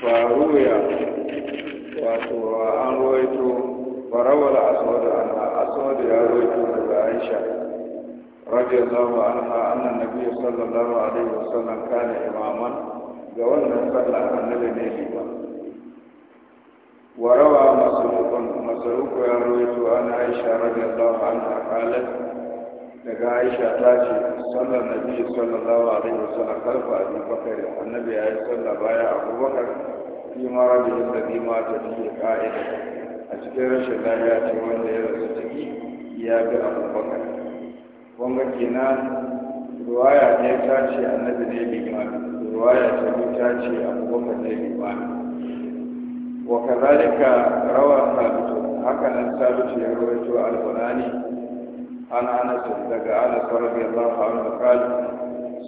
faruya wato an roito farawar aswadu an aswadu ya rawaito daga aisha radiyallahu anha annan biyu sallallahu alaihi wasallam kana imaman ga wannan sallah annabi ne liba warawa masarukun masaruku ya rawaito an aisha radiyallahu anha qalat daga aisha ta ce sallar na biyu sallar nabi sallallahu alaihi wasallam karfa abi bakar annabi ya yi sallar, baya abubakar fi mara da yadda bi ma ta fiye ka'ida a cikin rashin lafiya ce wanda ya rasu ciki ya bi abubakar wanga kenan ruwaya ne ta ce annabi ne bi ma ruwaya ta bi ta ce abubakar ne bi ma wa kazalika rawa sabitu haka nan sabitu ya rawaito al-qur'ani عن انس لك انس رضي الله عنه قال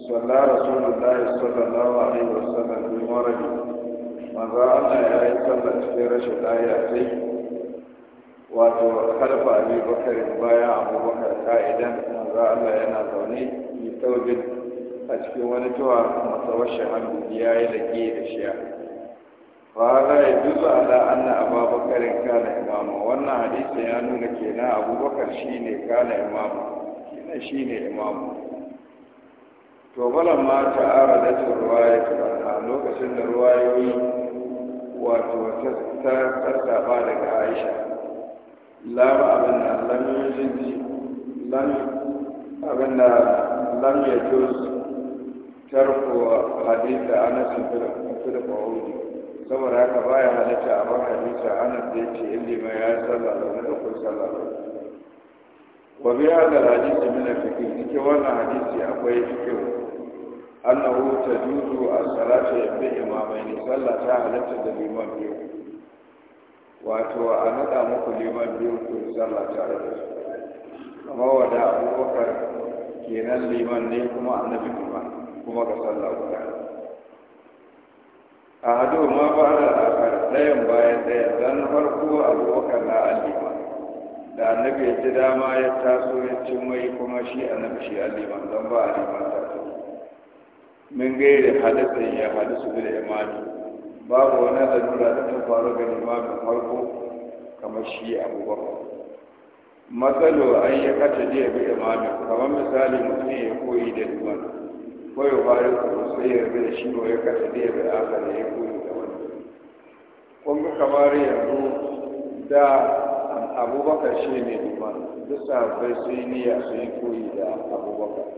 صلى رسول الله صلى الله عليه وسلم بمرض manzo Allah ya yi sallar cikin rashin lafiya sai wato karfa Abi Bakar baya Abu Bakar ka'idan manzo Allah yana zaune yi taubin a cikin wani tuwa masawashin hannu ya yi da shiya fara ya duzu ala anna ababakarin kana imamu wannan hadisin ya nuna kenan abubakar shine kana imamu kenan shine imamu to balan ma ta arada ta ruwaya a lokacin da ruwayoyi wato ta sassaba daga aisha lam abin da lam yujin lam abin da lam yajuz tarko hadisi anas bin fil qawli saboda haka baya halatta a baka hadisi ana da yace inda ma ya sallah da wani kun sallah wa biya da hadisi min al-fiqh yake wannan hadisi akwai fiqh annahu tajuzu as-salatu bi imamaini sallah ta halatta da liman biyu wato a nada muku liman biyu kun sallah tare da su amma wada abubakar kenan liman ne kuma annabi kuma kuma ka sallah guda a hado ma ba da akar ɗayan bayan ɗaya don farko abubakar na alima da annabi ya ci dama ya taso ya ci mai kuma shi annabi shi alima don ba alima Mun min gairi hadisin ya hadisu bil imani babu wani lalura da ta faru ga limamin farko kamar shi abubakar matsalo an yi kata jiya bi imamin kamar misali mutum ya koyi da limamin wai bayan kuma sai ya rabu da shi ba ya kasa da ya bada aka da ya koyi da wani kun ga kamar yanzu da abubakar shi ne duba duk sahabbai sun yi niyya sun yi koyi da abubakar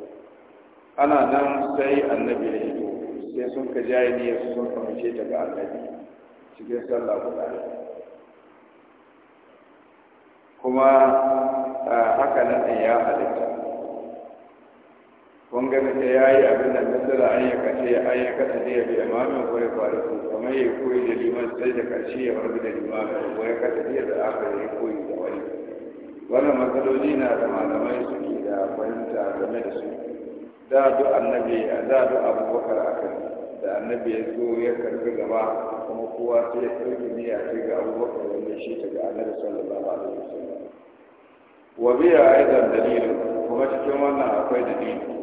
ana nan sai annabi ya hito sai sun ka jaye niyyar su sun kamace ta ga annabi cikin sallah guda kuma haka nan ya halitta kun ga mace ya yi abin da misala an yi kace an ya kasa da ya bi imamin ko ya faru ko kuma ya koyi da liman sai da karshe ya farbi da limamin ko ya kasa da da aka yi koyi da wani wannan matsaloli na da malamai suke da fahimta game da su da duk annabi da duk abubakar akan da annabi ya zo ya karbi gaba kuma kowa sai ya ne ya ce ga abubakar wanda shi ta ga annabi sallallahu alaihi wasallam wa biya aidan dalilin kuma cikin wannan akwai dalilin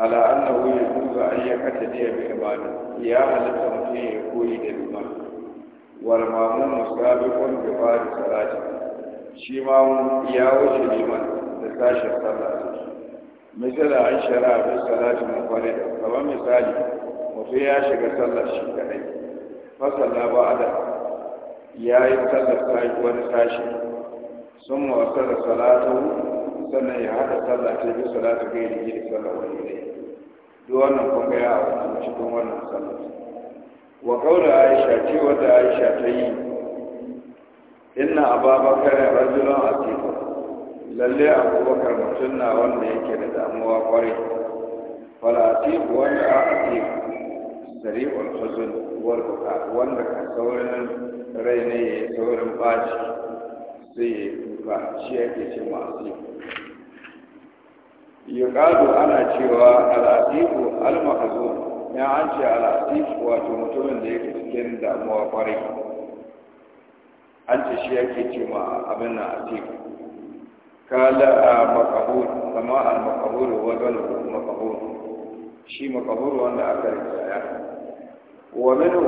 ala annahu yajuzu an yaqtadiya bi ibada ya halatta mutum ya koyi da liman wal mamun musabiqun bi fa'il salati shi ma ya wuce liman da sashen sallah misali an shara bi salati munfarida kamar misali mutum ya shiga sallar shi kadai fasalla ba'da ya yi sallar wani sashi sun wasu da salatu sannan ya haɗa sallah ta bi salatu gairi ji da sallah wani ne duk wannan kun ga ya auku cikin wannan sallah wa kaula aisha ce wata aisha ta yi inna ababakar a asifa lalle a kubakar mutum na wanda yake da damuwa kwarai falasif wanda a asif sari huzun wal buka wanda ka saurin rai ne saurin baci sai ya kuka shi ake cin masu yuqadu ana cewa al al-mahzun ya an ce al wato mutumin da yake cikin damuwa kwarai an ce shi yake cewa abin na asif kala a makabur kama al-makabur wa galu shi makabur wanda aka rikaya wa minhu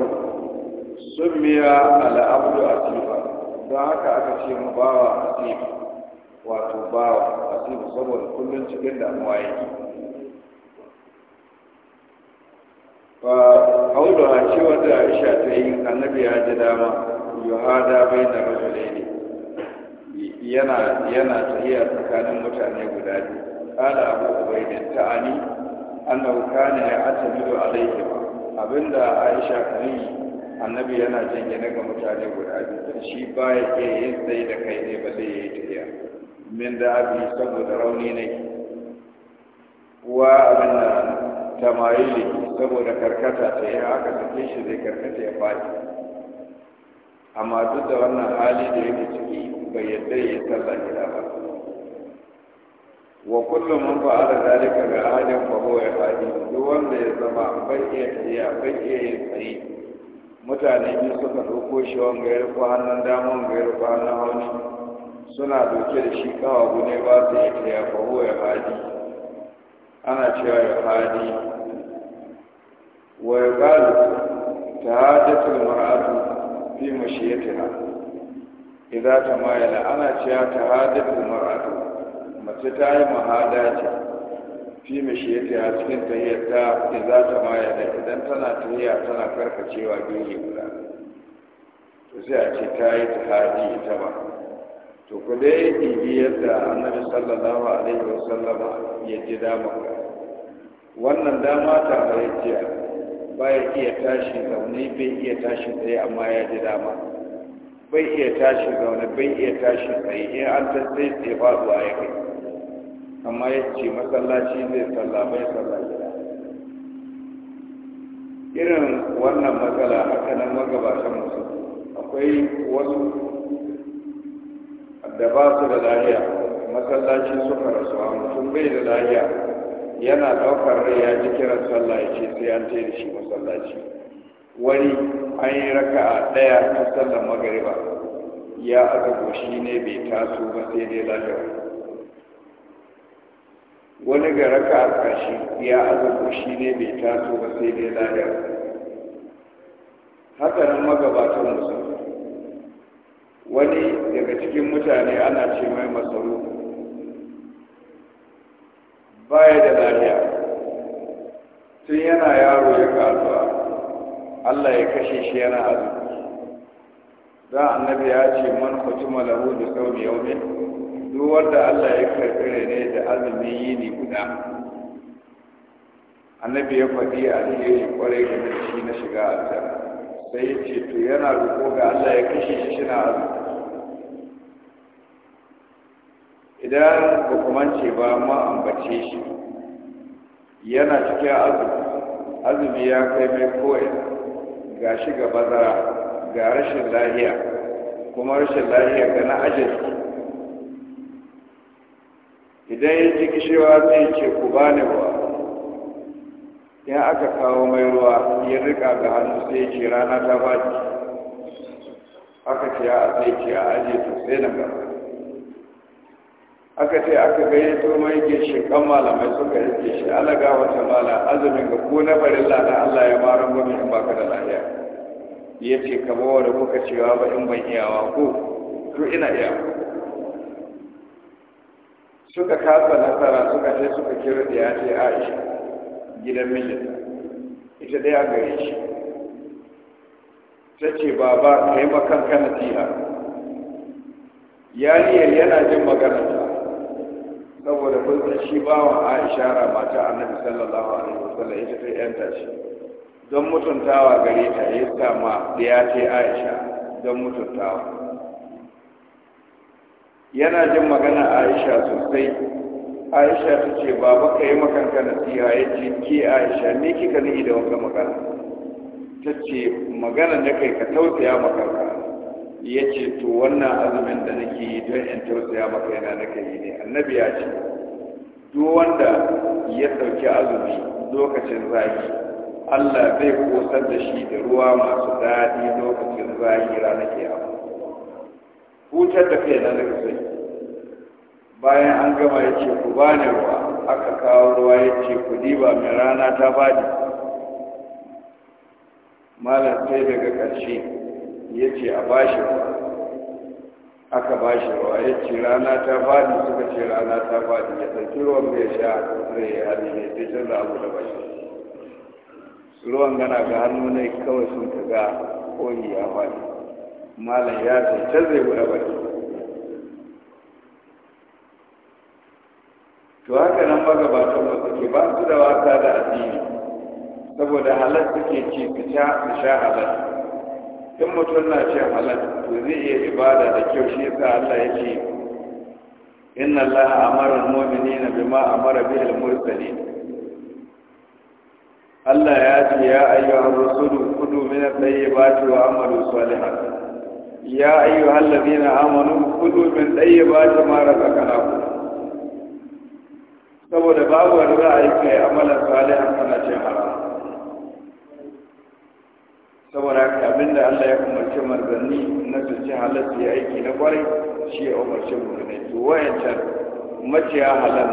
sumiya al-abdu asifa don haka aka ce mu bawa asifa wato bawa a cikin saboda kullum cikin damuwa yake fa auda a wanda da aisha ta yi annabi ya ji dama yuhada bai da rajulaini yana yana tafiya tsakanin mutane guda biyu kala abu da ta'ani annahu kana ya atamidu alaihim abinda aisha ta yi annabi yana jingine ga mutane guda biyu shi ba ya iya yin sai da kai ne ba zai yi tafiya min da abi saboda rauni ne wa abin da tamayili saboda karkata ta yi aka sake shi zai karkata ya faɗi amma duk da wannan hali da ya yake ciki bai yadda ya sallah gida ba wa kullum man fa'ala zalika ga adam fa huwa yahadi duk wanda ya zama bai iya yin tsayi mutane ne suka ɗauko shi wanga ya hannun dama wanga ya hannun hauni suna doke da shi kawagu ne ba su yi yafa faho ya hadi ana cewa ya hadi wa ya ƙalu ta hajjatul mar'atu fi mashiyatina idza mayala ana cewa ta hajjatul mar'atu mace ta yi mahada ce fi mashiyatina cikin tahiyyarta idza mayala idan tana tahiyya tana karkacewa gehe guda to sai a ce ta yi ta hadi ita ba to ku dai ɗibi yadda annabi sallallahu alaihi wasallam ya ji dama wannan dama ta halittiya ba ya iya tashi zaune bai iya tashi tsaye amma ya ji dama bai iya tashi zaune bai iya tashi tsaye in an ta sai ba su a yake amma ya ce masallaci zai salla bai salla irin wannan matsala haka nan magabatan musu akwai wasu da ba su da lahiya masallaci suka rasu a mutum bai da lahiya yana ɗaukar rai ya ji kiran sallah ya ce sai an tsaye da shi masallaci wani an yi raka a ɗaya ta sallar magariba ya aka shi ne bai taso ba sai dai lahiya wani ga raka a ƙarshe ya aka shi ne bai taso ba sai dai lahiya haka nan magabatan musulmi wani daga cikin mutane ana ce mai masaru baya da lafiya tun yana yaro ya kasuwa allah ya kashe shi yana za a annabi ya ce man kwaci lahu da sauri ne? duwar da allah ya karkare ne da azumin ne guda annabi ya faɗi a cikin kwarai da shi na shiga tsara sai ya ce to yana roƙo ga Allah ya kashe shi shina azumi idan ba ce ba ma ambace shi yana cikin azumi azumi ya kai mai koya ga shi ga bazara ga rashin lahiya kuma rashin lahiya ga na ajiyarsu idan ya ji kishewa zai ce ku bani wa in aka kawo mai ruwa ya rika da hannu sai ce rana ta baki aka ce ya sai ce a aje ta sai na gaba aka ce aka gayyato mai ke kan malamai suka rike shi alaga wata mala azumin ga ko na barin lana allah ya mara gumi in baka da lahiya ya ce ka bawa da kuka cewa ba in ban iyawa ko to ina iya suka kasa nasara suka ce suka kira da ya ce aisha gidan mijinta ita dai a gare shi ta ce baba ka yi makanka nasiha yariyar yana jin maganarta saboda kun san shi wa aisha ishara mata annabi sallallahu alaihi wasallam ita ta yanta shi don mutuntawa gare ta ya sama da ya ce aisha don mutuntawa yana jin magana aisha sosai aisha ta ce ba ka yi makanka siya ya ce ke aisha ne kika ni da wanka magana ta ce magana da kai ka tausaya makanka ya ce to wannan azumin da nake yi don in tausaya maka yana nake yi ne annabi ya ce duk wanda ya ɗauki azumi lokacin zafi Allah zai kosar da shi da ruwa masu daɗi lokacin zafi ranar kiyama hutar da kai na daga sai bayan an gama ya ce ku ba ruwa aka kawo ruwa ya ce ku diba mai rana ta bada malam sai daga ƙarshe ya ce a bashi ruwa aka bashi ruwa ya ce rana ta bada suka ce rana ta bada ya ɗauki ruwan mai sha zai yi hannu ne ta canza abu da bashi ruwan gana ga hannu ne kawai sun ka ga koyi ya bada malam ya ce can zai buɗe baki to haka nan ba magabatan wasu ke ba su da wasa da addini saboda halal suke ci su sha su sha halal in mutum na cin halal to zai iya ibada da kyau shi yasa Allah ya ce inna Allah amara al-mu'minina bima amara bihi al-mursalin Allah ya ce ya ayyuhar rusulu kudu min at-tayyibati wa amalu salihan ya ayyuhal ladina amanu kudu min tayyibati ma razaqnakum saboda babu wani za a yi kai amalan salihan sana ce haram saboda haka da Allah ya umarci manzanni na su ci halatta ya aiki na kwarai shi ya umarci murnai to wayancan maciya halal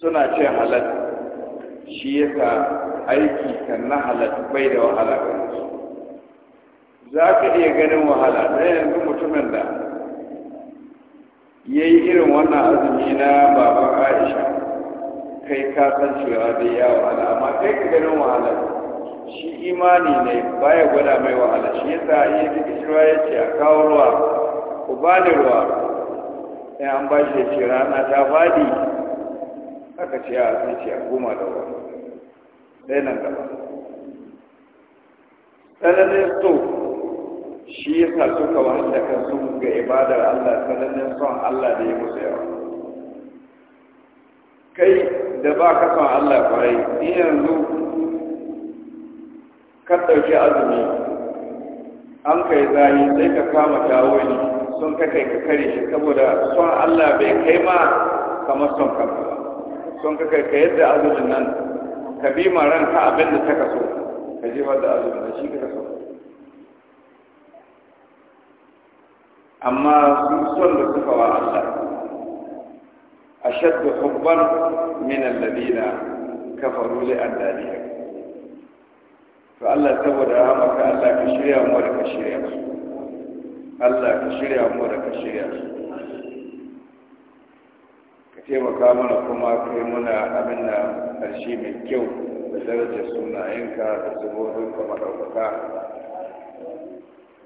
suna cin halal shi yasa aiki kan na halal bai da wahala ga za ka iya ganin wahala na yanzu mutumin da ya yi irin wannan azumi na baban aisha kai ka san cewa bai ya wahala amma kai ka ganin wahala shi imani ne baya gwada mai wahala shi yasa iya cikin kishirwa ya ce a kawo ruwa ku ba ni ruwa sai an ba shi ya ce rana ta fadi aka ce a sai ce a goma da ruwa sai nan gaba tsananin so shi yasa suka wahala kansu ga ibadar Allah sanannen son Allah da ya musu yawa kai da ba ka son Allah kwarai ni yanzu ka ɗauki azumi an kai zahi sai ka kama tawoni sun ka kai ka kare shi saboda son Allah bai kai ma kamar son kanka ba sun ka kai ka yadda azumin nan ka bi ma ranka abin da ta kaso ka jefar da azumin da shi ka kaso amma sun son da suka wa Allah ashaddu hubban min alladina kafaru li adalihim to Allah saboda haka Allah ka shirya mu da ka shirya su Allah ka shirya mu da ka shirya su ka taimaka mana kuma kai muna abin da ƙarshe mai kyau da darajar sunayenka da sabobin ka maɗaukaka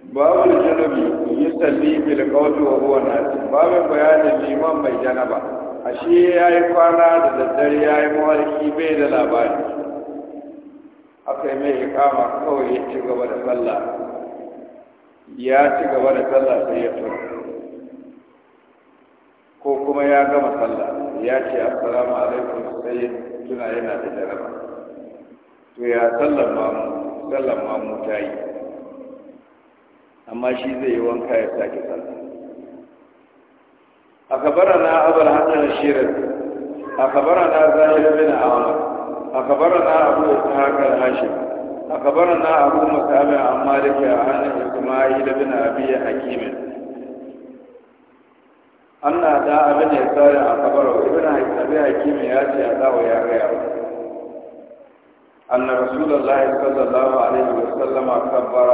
babu junubi yi salli bil qawli wa huwa nas babu bayanin liman mai janaba ashe yayi kwana da daddare yayi mawarki bai da labari akai mai ikama kawai ya ci gaba da sallah ya ci gaba da sallah sai ya tura ko kuma ya gama sallah ya ce assalamu alaikum sai tuna yana da jaraba to ya sallan mamu sallan mamu ta yi amma shi zai yi wanka ya sake sallah أخبرنا أبو الحسن الشيرد أخبرنا زاهد بن عمر أخبرنا أبو إسحاق الهاشم أخبرنا أبو مصعب عن مالك عن إسماعيل بن أبي حكيم أن أداء بن يسار أخبره ابن أبي حكيم يأتي أداء ويا غيره أن رسول الله صلى الله عليه وسلم كبر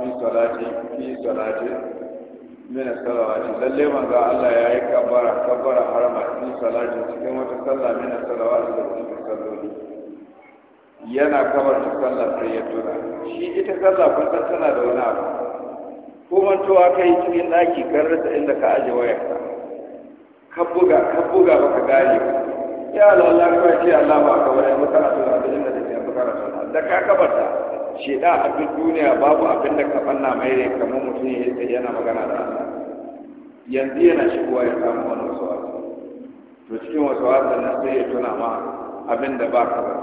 fi salati fi salati min salawati lalle manzo Allah ya yi kabbara kabbara harama fi salati cikin wata sallah min salawati da kuma salloli yana kabar da sallah sai ya tura shi ita sallah kun san tana da wani abu ko to kai cikin daki kan inda ka aje wayarka ka buga ka buga baka gane ba ya Allah ka kai Allah ba ka wani mutane da inda da ke bukara da ka kabarta da a duk duniya babu abin da ka fanna mai ne kamar mutum ya yi yana magana da Allah yanzu yana shigowa ya samu wani wasu wasu to cikin wasu wasu na sai ya tuna ma abin da ba ka ba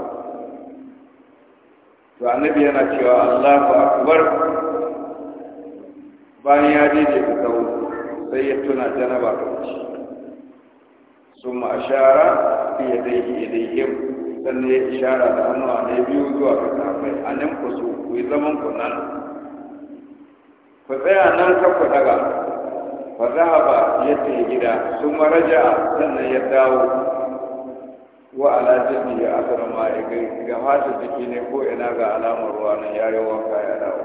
to annabi yana cewa Allahu akbar bayan ya daidai ka kawo sai ya tuna janaba ka ci summa ashara bi yadayhi ilayhim sannan ya ishara da hannuwa ne biyu zuwa ga kafai a nan ku su ku yi zaman ku nan ku tsaya nan ka ku daga fa ba ya ce gida sun maraja sannan ya dawo wa ala ya asara ma ya ga fata jiki ne ko ina ga alamar ruwa nan ya yi wanka ya dawo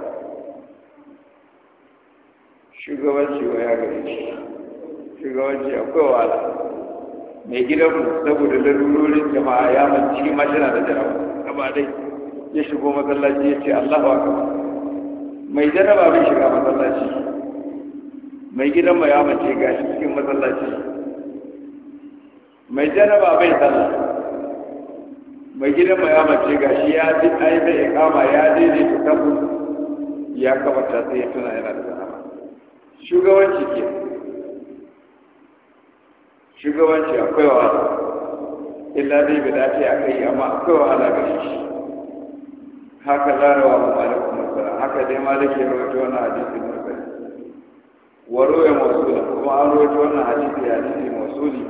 shugabanci wa ya gari shugabanci akwai wahala mai gidan saboda larurorin jama'a ya manci ma tana da jaraba gaba dai ya shigo masallaci ya ce Allahu akbar mai jaraba bai shiga masallaci mai gidan mai ya manci gashi cikin masallaci mai jaraba bai tsalla mai gidan mai ya manci gashi ya ji ai bai kama ya ta tabu ya kamata sai ya tuna yana da jaraba shugabanci kenan shugabanci akwai wahala illa zai bi dace a kai amma akwai wahala ga shi haka larawa wa malikun masara haka dai maliki ya rawaito wannan hadisi masara ya ruwa masula kuma an rawaito wannan hadisi hadisi masuli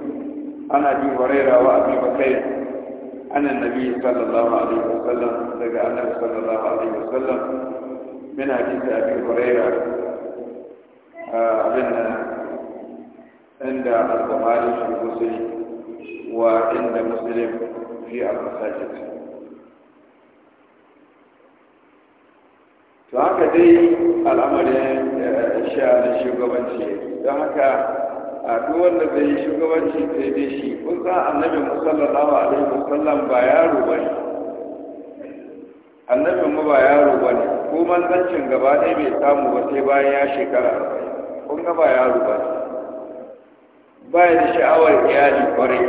ana bi huraira wa abi kai. an nabi sallallahu alaihi wasallam daga annabi sallallahu alaihi wasallam min hadisi abi huraira ah, abin nan عند Muslim wa inda Muslim fi al-Masajid to haka dai al'amarin eh, sha na shugabanci don haka a duk wanda zai yi shugabanci sai dai shi kun san annabi musallallahu alaihi wasallam ba yaro ba ne annabin mu ba yaro ba ne ko manzancin gaba ɗaya bai samu ba sai bayan ya shekara kun ga ba yaro ba ne baya da sha'awar iyali kwarai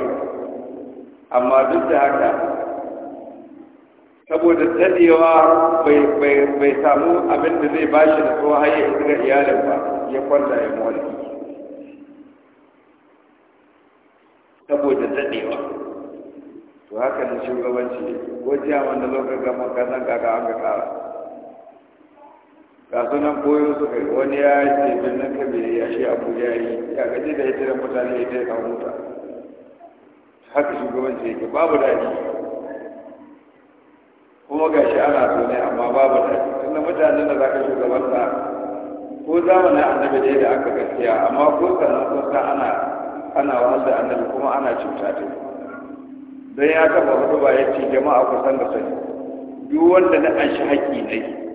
amma duk da haka saboda dadewa bai samu abin da zai shi da tsohon har yanzu ga iyalin ba ya kwanta ya mawalki saboda dadewa to haka da shugabanci ko jiya wanda lokacin gama kasan kaka an ga kara ga sunan koyo suka yi wani ya ce birnin kabe ya shi ya yi ya gaji da ita da mutane ya ta kawo mota haka shugabanci yake babu daɗi kuma ga shi ana so ne amma babu daɗi tunda mutane da za ka shugabanta ko zamanin annabi ne da aka gaskiya amma ko sanar sun san ana ana wahal da annabi kuma ana cuta ta don ya taba hudu ba ya ce jama'a kusan da sani duk wanda na an shi haƙƙi ne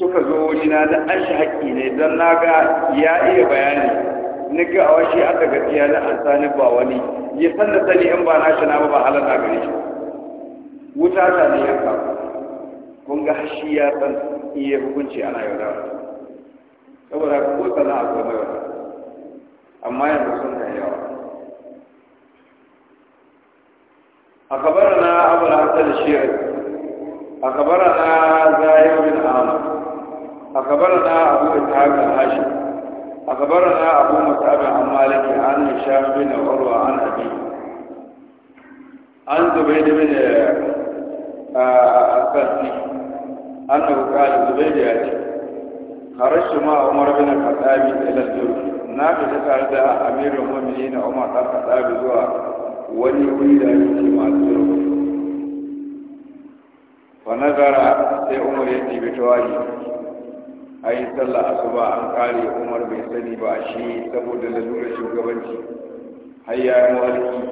suka zo wuri na da an shi haƙƙi ne don na ga ya iya bayani ni ga a washe aka gaskiya na an sani ba wani ya san da sani in ba na shi na ba halar na gari shi wuta ta ne ya kawo kun ga shi ya san iya hukunci ana yaudara saboda ko tsana a kuma yau amma yanzu sun da yawa A أبو na za أخبرنا yi wani amur أخبرنا أبو إسحاق الهاشم أخبرنا أبو مصعب عن مالك عن هشام بن عروة عن أبي عن زبيد بن آه، القاسي أنه قال زبيد يأتي خرجت مع عمر بن الخطاب إلى الجرم نافذة تعرض أمير المؤمنين عمر بن الخطاب زوا ولي أريد أن يأتي مع الجرم فنظر في عمر يأتي بتواجد A yi sallah asuba an kare umar bai sani ba shi saboda lalurar shugabanci hayya ya yi mawarki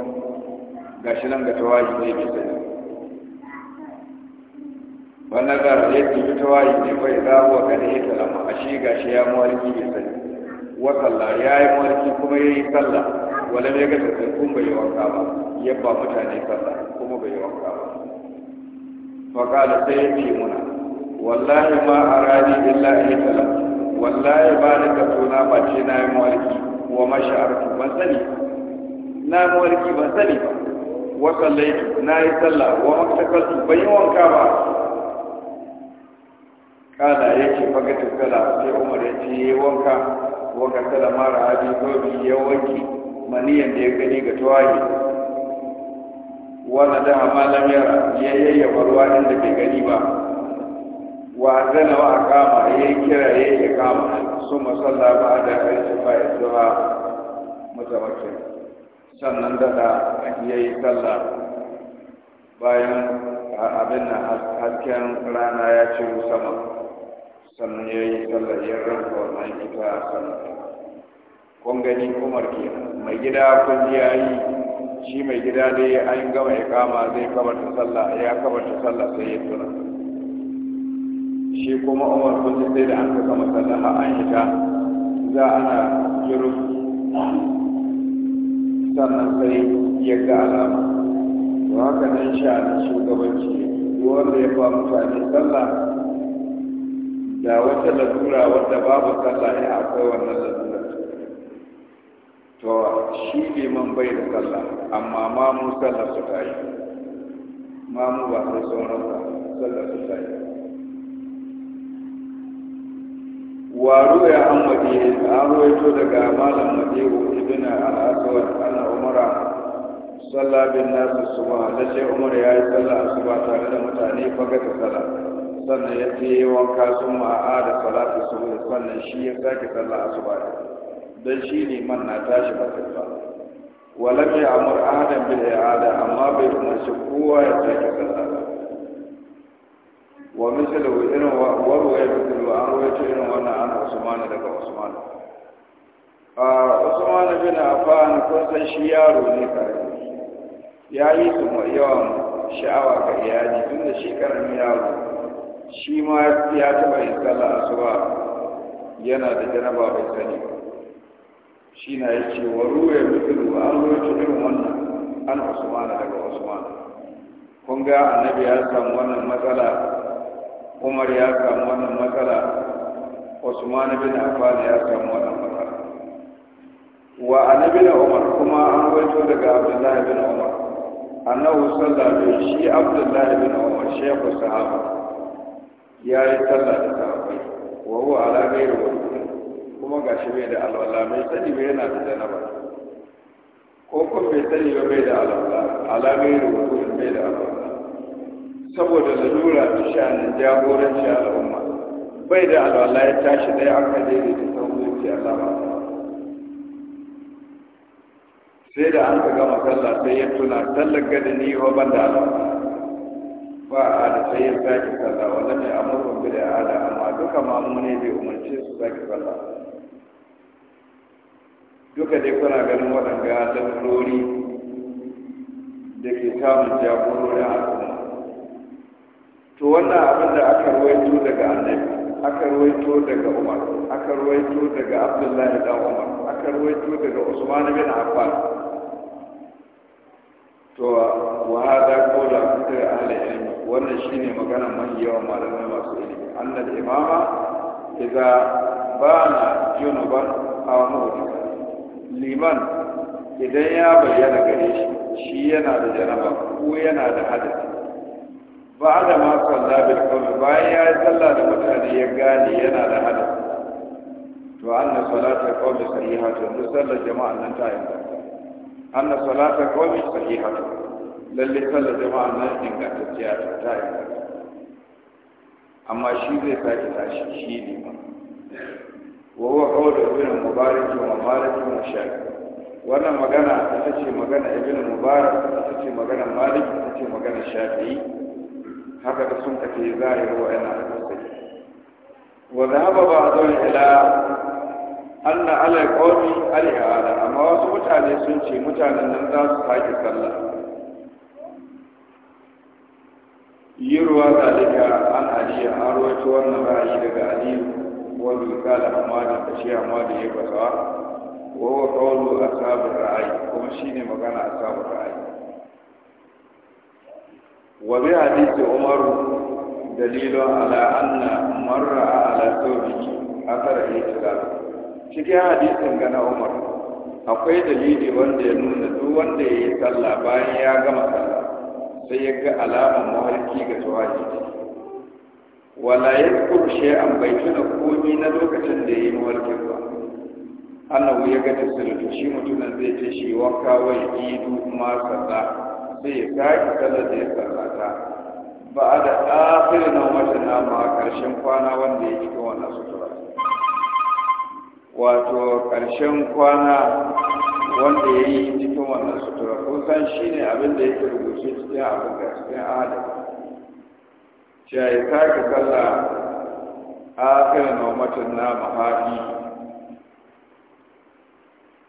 ga shi nan ga tawayi ne bai sani wannan ga ya yi tawayi ne bai za a wa gani ya talama a shi ga shi ya mawarki ne sani wa sallah ya yi mawarki kuma ya yi sallah wala ne ga tattattun bai yi wanka ba yabba mutane sallah kuma bai yi wanka ba Fakada sai ya ce muna wallahi ma arani illa tala, wallahi ba da ka tona na yi mawarki wa masha'arku ban sani na yi mawarki ban sani ba wa laifi na yi sallah wa maktakaltu bai yi wanka ba kala yake faga tukala sai umar ya ce yi wanka wa tsala mara abin zobi ya wanki maniyan da ya gani ga tuwaye Wannan da amma lamiyar ya yayyaba ruwa inda bai gani ba wa zana wa kama ya yi kira ya yi kama su masalla ba da ƙarfi ba ya zuwa mutawakin sannan daga ya yi talla bayan abin na hasken rana ya ci sama sannan ya yi sallah ya ranka wannan ita sama. kun gani kumar kenan mai gida kun ji ya yi shi mai gida dai an gama ya kama zai kabarta sallah ya kabarta sallah sai ya tuna shi kuma umar kun ji sai da an kasa masallaha an ta, za ana jirus sannan sai ya ga alama to haka nan na shugabanci wanda ya ba mutane sallah da wata lalura wanda babu sallah ya akwai wannan lalura to shi ne man bai da sallah amma ma mu sallah su ta yi ma mu ba sai sauran sallah su ta yi waro ya an madihi an ruwaito daga malam madihu ibn al-aswad anna umara salla bin nas subha da sai umar ya yi salla asuba tare da mutane faga ta salla sannan ya ce wanka sun ma'a da salatu subha sannan shi ya sake salla asuba don shi ne man na tashi ba ba walam ya amur adam bil i'ada amma bai umarci kowa ya sake salla ba wa misalu irin warwaye misalu an rawaito irin wannan an usmanu daga usmanu a usmanu bin affan kun san shi yaro ne karami ya yi su yawan sha'awa ga iyali tun da shi karami yaro shi ma ya taɓa yin sallah asuba yana da janaba bai sani ba shi na ya ce wa ruwa misalu an rawaito irin wannan an usmanu daga usmanu kun ga annabi ya samu wannan matsala umar ya samu wannan matsala usman bin affan ya samu wannan matsala wa annabi da umar kuma an gwaito daga abdullahi bin umar annahu sallallahu shi abdullahi bin umar shehu sahaba ya yi talla da sahabbai wa huwa ala ghairi kuma gashi bai da alwala mai sani bai yana da janaba ko ko bai sani ba bai da alwala ala ghairi wudu bai da alwala saboda lalura ta shanin jagoranci al'umma bai da alwala ya tashi ɗaya aka daidai da sauran a alama sai da an ka gama sallah sai ya tuna sallar gani ni wa ban da alwala ba a da sai ya sake sallah wanda mai amurkan bi da ala amma duka ne bai umarce su sake sallah duka dai kuna ganin waɗanda lalurori da ke samun jagororin al'umma to wannan abin da aka ruwaito daga annabi aka ruwaito daga umar aka ruwaito daga abdullahi dan umar aka ruwaito daga usman bin affan to wa hada qawla kutar ahli ilm wannan shine magana mai yawa malamai masu ilimi annal imama idza bana junuban aw muhdith liman idan ya bayyana gare shi shi yana da janaba ko yana da hadisi ba da ma salla bil qawli bayan ya yi sallah da mutane ya gane yana da hada to anna salata qawli sahihatu duk sallar jama'a nan ta yi anna salata qawli sahihatu lalle sallar jama'a nan ingantacciya ta yi amma shi zai sake tashi shi ne ma وهو قول ابن مبارك ومالك وشافعي wannan magana ita ce magana ibn mubarak ita ce magana malik ita ce magana shafi'i haka da sun kace za a yi ruwa yana da sai wa zaba ba zan ila anna ala qawmi al-i'ada amma wasu mutane sun ce mutanen nan za su haƙi sallah yirwa zalika an aliya an rawaito wannan ra'ayi daga aliyu wanda kala amma da kashi amma da ya fasa wa wa qawlu ashabur ra'ayi kuma shine magana a ashabur ra'ayi wa bi hadisi umar dalilu ala anna marra ala sawbihi athara ihtilal cikin hadisin ga na umar akwai dalili wanda ya nuna duk wanda ya yi sallah bayan ya gama sallah sai ya ga alamar mawarki ga tuwaji wala ya shi an bai tuna komi na lokacin da ya yi mawarkin ba annahu ya ga tasirin shi mutumin zai ce shi wanka wai idu ma sallah sai ya kayi da ya sallata ba a da ƙafir na mace nama a ƙarshen kwana wanda ya cikin wannan sutura wato ƙarshen kwana wanda ya yi cikin wannan sutura kun san shi ne abin da yake rubuce cikin abin da cikin adam cewa ya sake sallah ƙafir na mace nama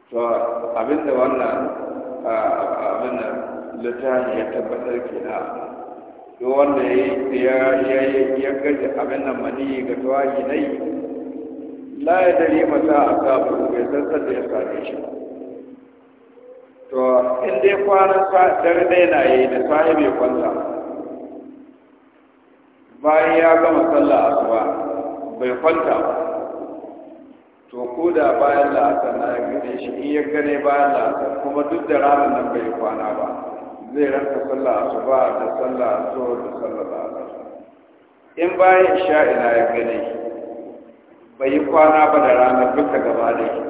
to abin da wannan abin nan littafi ya tabbatar ke na duk wanda ya gaji abin nan mani ga tuwaji na yi la ya dare mata a kafin bai san da ya same shi to in dai kwanan dare dai na yi da sahi bai kwanta bayan ya gama sallah asuba bai kwanta to ko da bayan la'asar na ya gane shi in ya gane bayan la'asar kuma duk da ranar nan bai kwana ba zai ranka sallah asuba da sallah zuwa da sallah la'asar in bayan sha'ina ya gani bai yi kwana ba da rana duka gaba da shi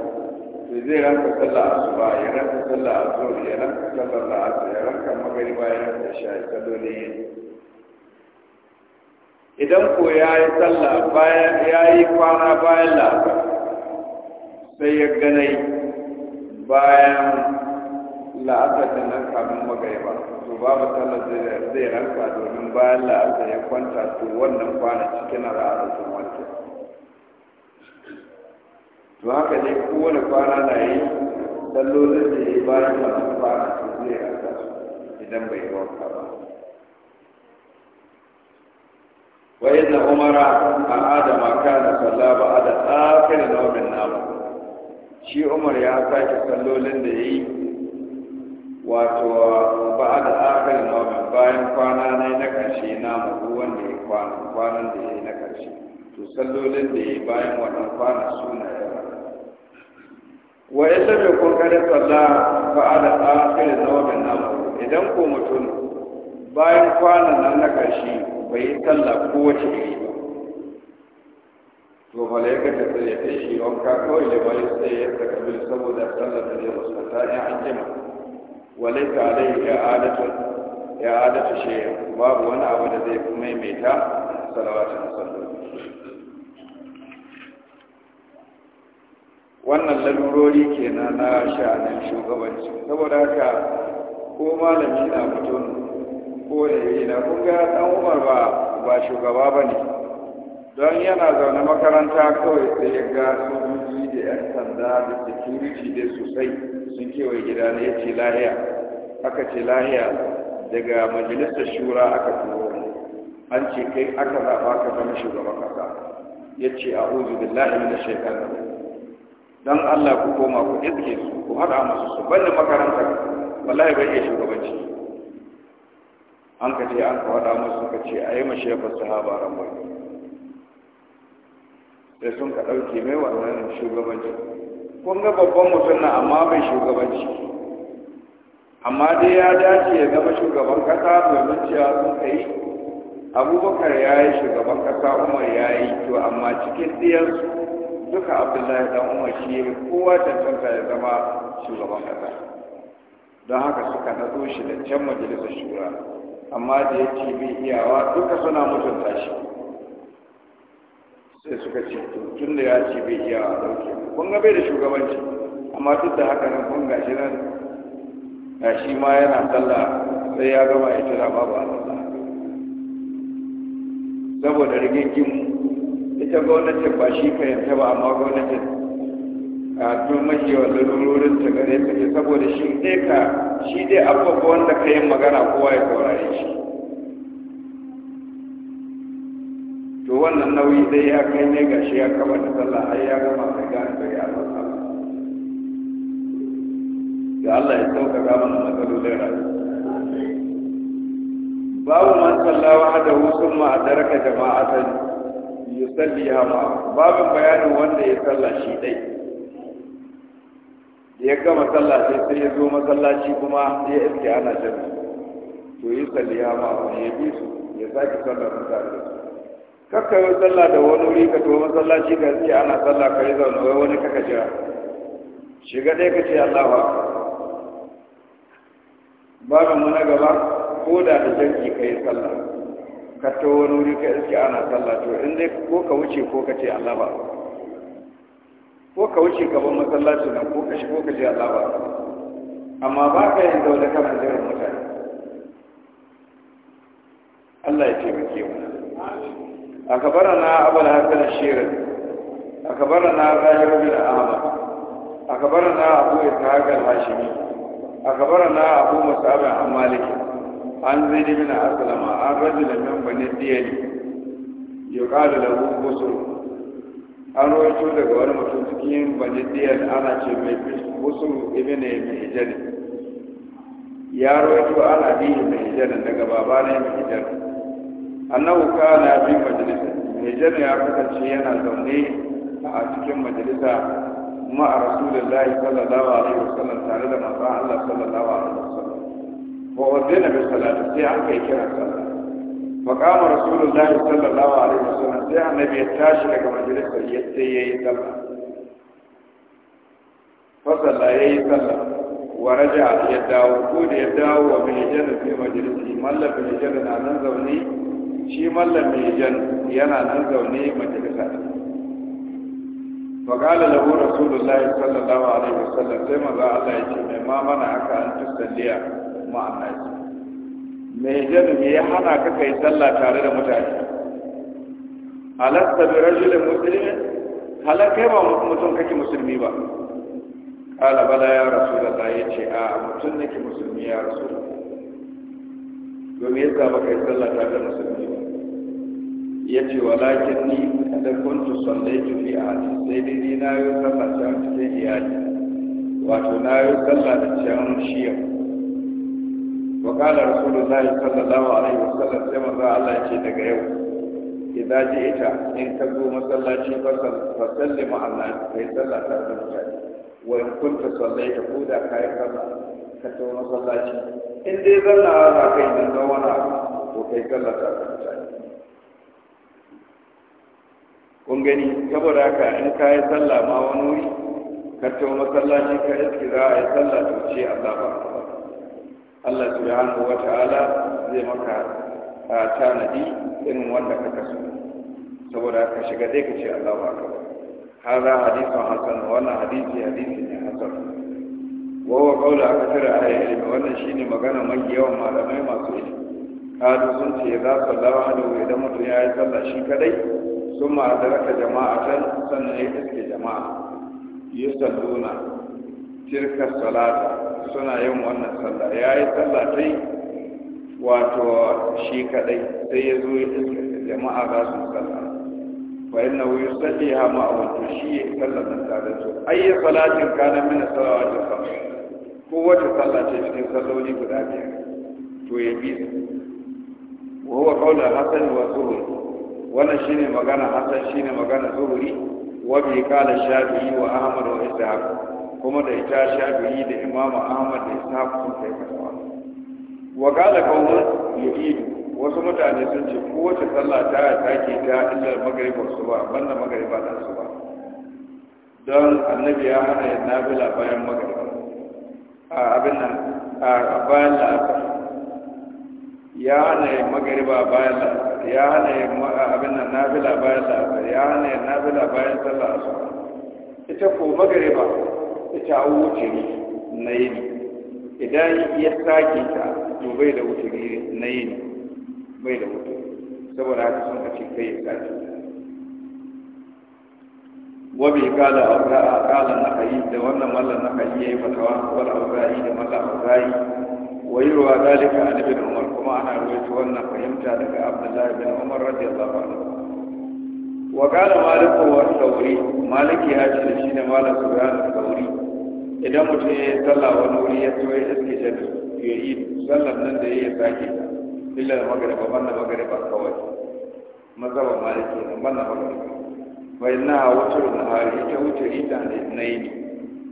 to zai ranka sallah asuba ya ranka sallah azhar ya ranka sallah la'asar ya ranka magariba ya ranka sha'i sallolin yin idan ko ya yi sallah bayan ya yi kwana bayan la'asar sai ya ganai bayan la'asar da nan kamin ba, to babu sallar zai ranka domin bayan la'asar ya kwanta to wannan kwana cikin ra'asar sun wanke to haka ne kowane kwana na yi sallolin da ya bayan masu kwana su zai ranka idan bai yi wanka ba wa yadda umara a adama kana salla ba a da tsakar nau'in namu shi umar ya sake sallolin da ya yi wato ba da akal nomin bayan kwana ne na karshe na mabu wanda ya kwana kwanan da ya yi na karshe to sallolin da ya bayan wannan kwana suna yawa wa ya sabe kun kare salla ba da akal nomin na mabu idan ko mutum bayan kwana nan na karshe bai yi sallah kowace iri ba to malaika ta tsaye ta shi wanka kawai da bayan tsaye ya saka bil saboda sallar da ya ta ya an jima walaita alaihi ya adatu shay'a babu wani abu da zai maimaita salawatin salloli wannan lalurori kenan na sha'anin shugabanci saboda haka ko malami na mutum ko da yi na kunga dan umar ba ba shugaba ba ne don yana zaune makaranta kawai sai ya ga sojoji da 'yan sanda da security da sosai sun kewaye gida ne ya ce lahiya aka ce lahiya daga majalisar shura aka turo an ce kai aka zaɓa ka zama shugaban kasa. ya ce a uzu lahiya min shekara Don Allah ku koma ku iske su ku haɗa musu su banda makaranta wallahi bai iya shugabanci an ka ce an ka haɗa musu ka ce a yi ma shefar sahaba ramar sai sun ka ɗauke mai wannan shugabanci? Kunga babban mutum na amma bai shugabanci amma dai ya dace ya zama shugaban kasa domin cewa sun kai abubakar ya yi shugaban kasa umar ya yi to amma cikin ɗiyarsu duka abdullahi dan umar shi ya kowa cancanta ya zama shugaban kasa don haka suka nazo shi da can majalisar shura amma da ya ce bai iyawa duka suna mutunta shi sai suka ce tun da ya ce bai iya a dauke kun ga bai da shugabanci amma duk da haka nan kun gashi nan gashi shi ma yana talla sai ya gama ya tura babu a sallah saboda rigingin ita gwamnatin ba shi ka yanta ba amma gwamnatin a tun mashi wa lalurorin ta gare ta saboda shi ɗaya ka shi dai abubuwan da ka yi magana kowa ya saurare shi to wannan nauyi dai ya kai ne ga shi ya kama da sallah har ya gama sai ga an bai Allah sallah ga Allah ya sauka ga mana matsalolin rayu. babu man salla wahdahu thumma adraka jama'atan yusalliha ma babu bayanin wanda ya salla shi dai ya gama sallah sai sai ya zo masallaci kuma ya iske ana jami'a to yi salliha ma ya bi su ya sake sallar mutane kakka yi sallah da wani wuri ka tuwa masallaci ka ce ana sallah ka yi zaune wai wani kaka jira shiga ɗaya ka ce allawa. ba babin mu na gaba ko da da janki ka yi sallah ka to wani wuri ka yi ana sallah to in dai ko ka wuce ko ka ce allawa. ko ka wuce ka bar masallacin nan ko ka shi ko ka ce Allah amma ba ka yi zaune kana jiran mutane Allah ya taimake mu. Amin. أكبرنا أبو الحسن الشيري أكبرنا ظاهر من الأعمى أكبرنا أبو إسحاق الهاشمي أكبرنا أبو مصعب عن مالك عن زيد بن أسلم عن رجل من بني الدين يقال له بصر عن rawaito daga wani بني الدين أنا ana ce ابن busur يا mai hijani ya rawaito an abihi mai hijani annahu kana bi majalis mai jana ya ce yana zaune a cikin majalisa ma a rasulullahi sallallahu alaihi wasallam tare da manzon Allah sallallahu alaihi wasallam wa wadana bi salati sai an kai kira sallah fa qama rasulullahi sallallahu alaihi wasallam sai annabi ya tashi daga majalisa ya sai yayi sallah fa sallah yayi sallah wa raja ya dawo ko da ya dawo wa bi jana fi majalisi mallaka bi jana nan zaune shi mallam mai jan yana nan zaune majalisa fa qala lahu rasulullahi sallallahu alaihi wasallam sai maza Allah ya ce mai ma mana aka an tusalliya ma annabi mai jan me ya hana ka kai sallah tare da mutane alasta bi rajulin muslimin kai ba mutum kake musulmi ba kala bala ya rasu da ya ce a mutum nake musulmi ya rasu domin yadda ba kai sallah ta da musulmi ya ce walakin ni da kuntu sallaitu fi ahli sai dai ni na yi sallah can cikin iyali wato na yi sallah da can shiya wa qala rasulullahi sallallahu alaihi wasallam sai manzo Allah ya ce daga yau idza ita in ka zo masallaci fa sallima Allah kai sallah ta da mutane wa in kunta sallaita ko da kai sallah ka zo masallaci in dai zanna za kai dan zawana to kai sallah ta da kun gani saboda haka in ka yi sallah ma wani wuri ka tawo masallaci ka iski za a yi sallah to ce Allah ba Allah subhanahu wa ta'ala zai maka tanadi irin wanda ka kasu. saboda ka shiga dai ka ce Allah ba ka hada hadisun hasan wannan hadisi hadisi ne hasan wawa kaula aka tara a ilimi wannan shine magana mai yawan malamai masu ilimi Kadu sun ce za su lawa da idan mutum ya yi sallah shi kadai sun daraka jama'a kan sannan ya iske jama'a yi salluna cirkar salata suna yin wannan sallah ya yi sallah ta yi wato shi kadai sai ya zo ya iske jama'a za su sallah fa inna hu yusalli ha ma wato shi ya sallah nan tare su ayyi salatin kana min salawati khamsa ko wata sallah ce cikin salloli guda biyar to ya bi wa huwa qawlu hasan wa zuhri wannan shine magana hasan shine magana zuhuri wa bi kala shafi'i wa ahmad wa ishaq kuma da ita shafi'i da imam ahmad da ishaq sun kai fatawa wa qala qawmun yu'idu wasu mutane sun ce kowace sallah ta take ta illa maghrib wa suba banda maghrib da suba don annabi ya hana ya nafila bayan maghrib a abin nan a bayan la'asar ya hana ya magariba bayan la'asar ya hana yin abin nan nafila bayan la'asar ya hana yin nafila bayan sallah su ita ko ba ita wuce ne na ne idan ya sake ta to bai da ne na yi ne bai da wuce saboda haka sun kace kai ya sake wabi kala auza'a kala na hayi da wannan mallan na hayi yayi fatawa wal auza'i da mallan auza'i wayarwa zalika a ibn umar kuma ana rawaito wannan fahimta daga abdullahi bin umar radiyallahu anhu wa qala malik wa sauri maliki ya ce shi ne Malam malik subhan sauri idan mutum ya yi sallah wani wuri ya so ya iske jadu ya yi sallar nan da ya yi sake ta illa magriba banda magriba kawai mazhaban maliki ne banda magriba wa inna wutrun nahari ita wutri ta ne na yi nayi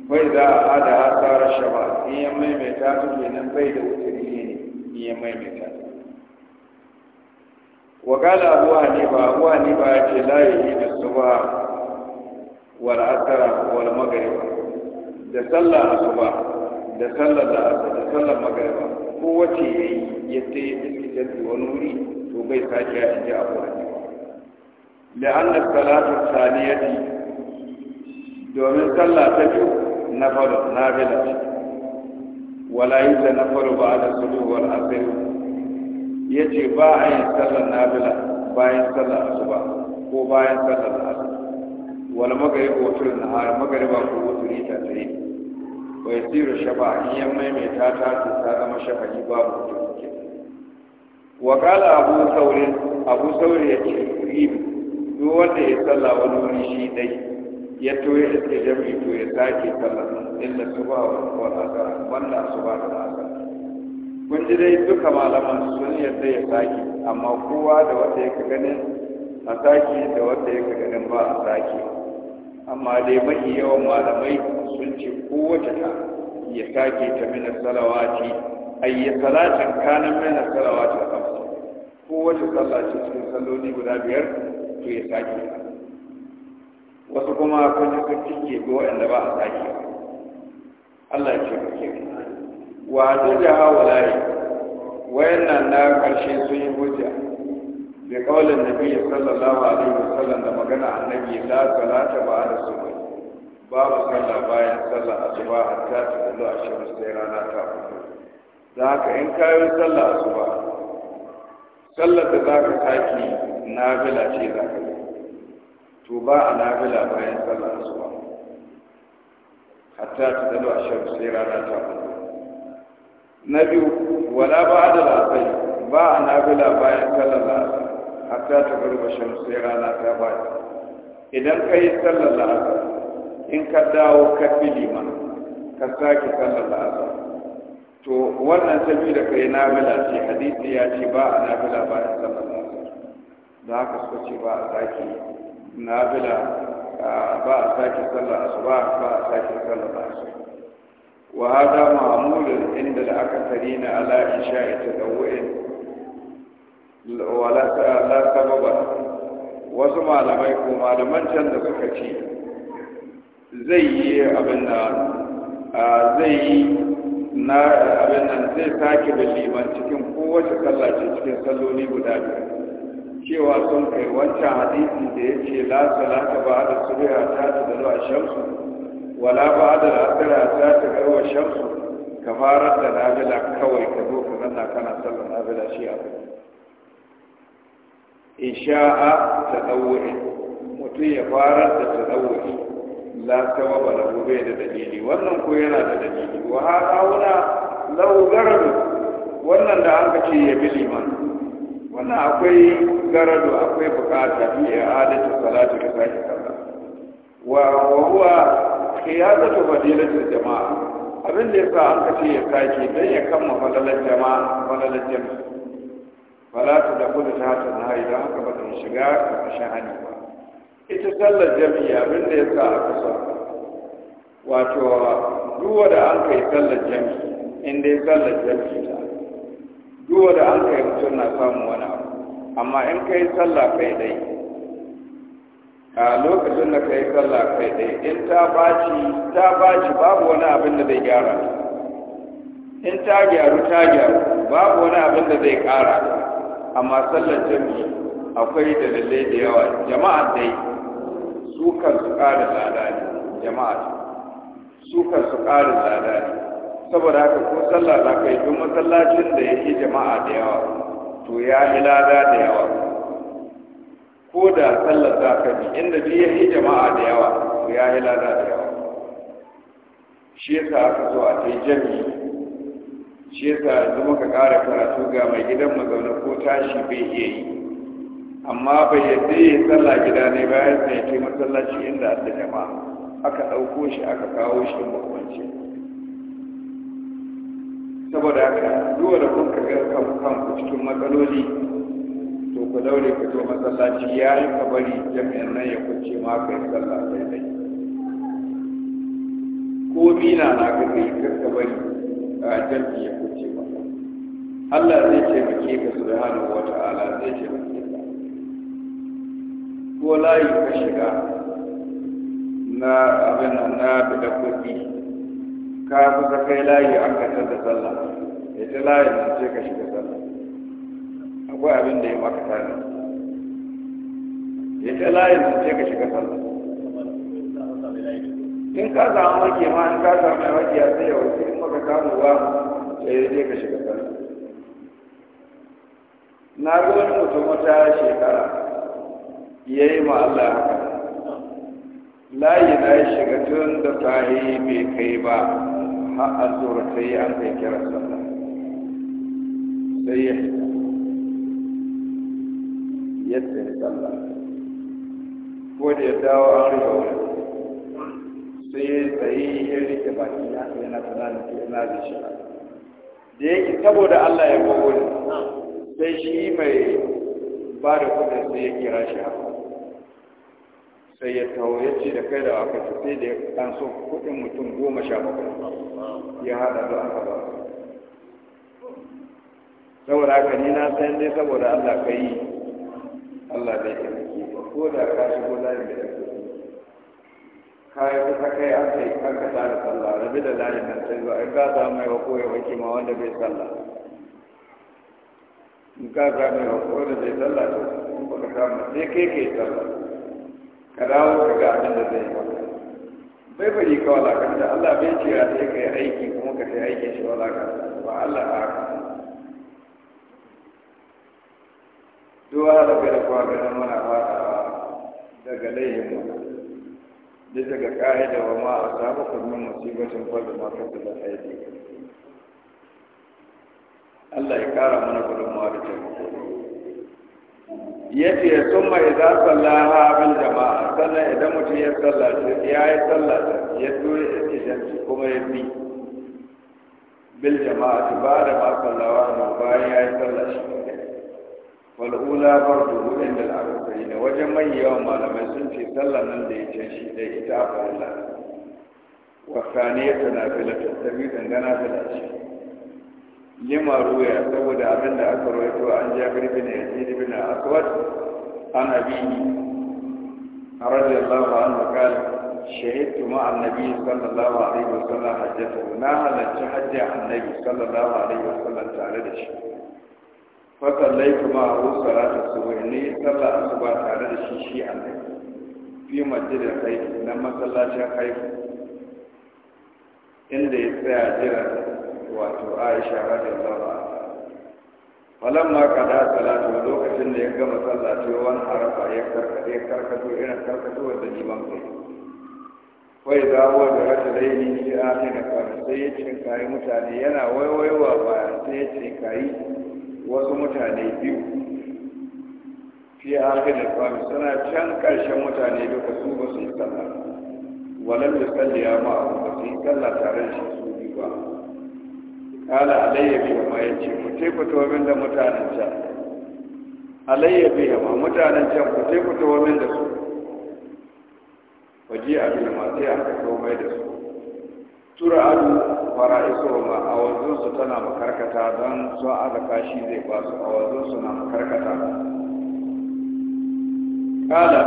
Bai za a hada hasara shaba in ya maimaita ke nan bai da wuturi ne in ya maimaita abuwa ne ba abuwa abu ba ya ce layi da ba wal asara wal magariba da sallah ba da sallah da asara da sallah ba ko wace yi ya ta yi iskitar wani wuri to bai sake ya ji abuwa ne la'anna salatu saniyati domin sallah ta biyu nafalu nafila wala yi ta nafalu ba da sudu wal ya ce ba a yin sallar nafila bayan sallar asuba ko bayan sallar asir wal magari ko wutur na har magari ba ko wuturi ta tare wa ya tsira shafa in yan maimaita ta ta ta zama shafa'i babu wutur abu saurin ya ce duk wanda ya sallah wani wuri shi dai ya toye iske jami'i to ya sake sallar inda su ba wa asara banda su ba da asara kun ji dai duka malaman sun yadda ya sake amma kowa da wata ya ganin a sake da wata ya ganin ba a sake amma dai mafi yawan malamai sun ce kowace ta ya sake ta mina salawati ayya salatin kanan mina salawati a kamsa kowace sallah ce cikin salloli guda biyar to ya sake ta wasu kuma kun ji sun kike waɗanda ba a sake Allah ya ce ku ke wa da hawalaye wayannan na ƙarshe sun yi hujja da kaulin nabi sallallahu alaihi wasallam da magana annabi la salata ba da su ba. babu sallah bayan sallah asuba a ta kullu a shirin sai rana ta fito da haka in kayo sallah asuba sallar da za ka na bila ce za ka yi to ba a nafila bayan sallar asuba hatta ta dalo a shan sai rana ta na biyu wala ba da lafai ba a nafila bayan sallar asuba hatta ta garba shan sai rana ta ba idan ka yi sallar asuba in ka dawo ka fi lima, ka sake sallar asuba to wannan sabida kai nafila ce hadisi ya ce ba a nafila bayan sallar asuba da haka suka ce ba a sake nafila ba a sake sallah asuba ba a sake sallar su. wa hada ma'mulun inda da aka tari na ala isha ita da wa la sababa wasu malamai ko malaman can da suka ce zai yi abin da zai yi na abin nan zai sake da liman cikin kowace sallah cikin salloli guda biyu cewa sun kai wancan hadisi da ya ce la salata ba da suriya ta ta da a shamsu wala ba da la'akara ta ta garwa shamsu fara da nabila kawai ka zo ka zanna kana sallar nabila shi a kai. In sha'a ta ɗaure mutum ya fara da ta ɗaure la sama ba da bai da dalili wannan ko yana da dalili wa ha kauna lau wannan da an ka ya bi liman wannan akwai garado akwai bukata fi i'adatu salati ka sake kalla. wa huwa qiyadatu fadilatul jama'a abin da yasa an kace ya sake dan ya kama falalar jama'a falalar jama'a fala ta da kullu ta ta nahi dan haka ba ta shiga ka shahani ba ita sallar jami'i abin da yasa aka so wato duwa da an kai sallar jami'i in dai sallar jami'i duwa da an kai mutum na samun wani abu amma in ka yi sallah kai dai a lokacin da ka yi sallah kai dai in ta baci ta baci babu wani abin da zai gyara in ta gyaru ta gyaru babu wani abin da zai ƙara amma sallar jami'i akwai dalilai da yawa jama'a dai su kan su kara tsada ne jama'a su kan su kara tsada ne saboda haka ko sallah za ka yi don masallacin da yake jama'a da yawa to ya yi lada da yawa ko da sallar za ka bi inda ji ya yi jama'a da yawa to ya yi lada da yawa shi yasa aka so a kai jami shi yasa yanzu muka ƙara karatu ga mai gidan mazauna ko tashi bai iya yi amma bai yadda ya yi sallah gida ne bayan sai ya masallaci inda a jama'a aka ɗauko shi aka kawo shi makwanci saboda haka duk wanda kun kan ku cikin matsaloli to ku daure ku to masallaci ya yi ka bari jami'an nan ya kunce ma ka yi sallah sai dai ko mina na ka kai ka bari a jami'in ya kunce ma Allah zai ce ka subhanahu wa ta'ala zai ke ka ko layi ka shiga na abin na da dabbobi ka kusa kai layi an ka da sallah ya ta layin su ce ka shiga sallah akwai abin da ya maka tare ya ta layin su ce ka shiga sallah in ka samu maki ma in ka samu mai maki ya sai ya wuce in maka samu ba sai ya je ka shiga sallah na ga wani mutum wata shekara ya yi ma Allah haka layi na shiga tun da sahi bai kai ba har azura ta yi an kai kira sallah sai ya yadda ya sallah ko da ya dawo an riga wani sai ya tsaye ya rike baki na yana tunanin ke na da shi da yake saboda Allah ya gogo sai shi mai ba da kudin sai ya kira shi haka sai ya tawo ya ce da kai da aka ci da an so kuɗin mutum goma sha bakwai ya haɗa da aka ba saboda haka ni na san dai saboda Allah ka yi Allah bai taimake ba ko da ka shigo layin da yake ka yi kusa kai an kai an ka tsara sallah rabi da layin nan sai zuwa in ka samu mai wako ya wake ma wanda bai sallah in ka samu mai wako da bai sallah to kuma ka samu sai kai ke sallah ka dawo ka ga abin da zai yi bai bari ka da Allah bai ce ya sai ka yi aiki kuma ka sai aikin shi walakanta ba Allah a haka duwa da gada kuwa ganin mana fatawa daga laihin mu bisa ga ƙa'ida wa ma a samu kurmin musibatin kwallo ma kasu da aiki Allah ya ƙara mana gudunmawa da taimako yace sun mai za sallaha bil jama'a sannan idan mutum ya ce ya yi salla ya tura ci kuma ya bi bil jama'a ba da ma sallawa na bayan ya yi sallace wal'ula fardu inda al'adun ne wajen mai yawan malamai sun ce sallar nan da ya ce shi dai ita a farilla wasane ya tana filatar tabi dangana filashi lima ruya saboda abin da aka rawaito an ne bin yazid na aswad an abihi radiyallahu anhu qala shahidtu ma annabi sallallahu alaihi wasallam hajjatu na halarci hajji annabi sallallahu alaihi wasallam tare da shi fa sallaitu ma hu salatu subhi ni sallah asuba tare da shi shi annabi fi masjidin kai na masallacin kai inda ya tsaya jira wato aisha radiyallahu anha falamma qada salatu lokacin da ya gama sallah sai wani arafa ya karkade karkato irin karkato da ban kai kai da wa da a fi da kan sai ya ce kai mutane yana waiwaiwa ba sai ya ce kai wasu mutane biyu fi da kan suna can karshen mutane duka su ba su yi sallah da yusalli ya ma'a ba su yi sallah tare da shi su biyu ba kala alayyabi ma ya ce ku te ku tomin da mutanen can alayyabi ma mutanen can ku te ku tomin da su waje a bilma sai an ka tomai da su tura adu fara iso ma a wanzunsu tana makarkata don sun aka kashi zai ba su a wanzunsu na makarkata kala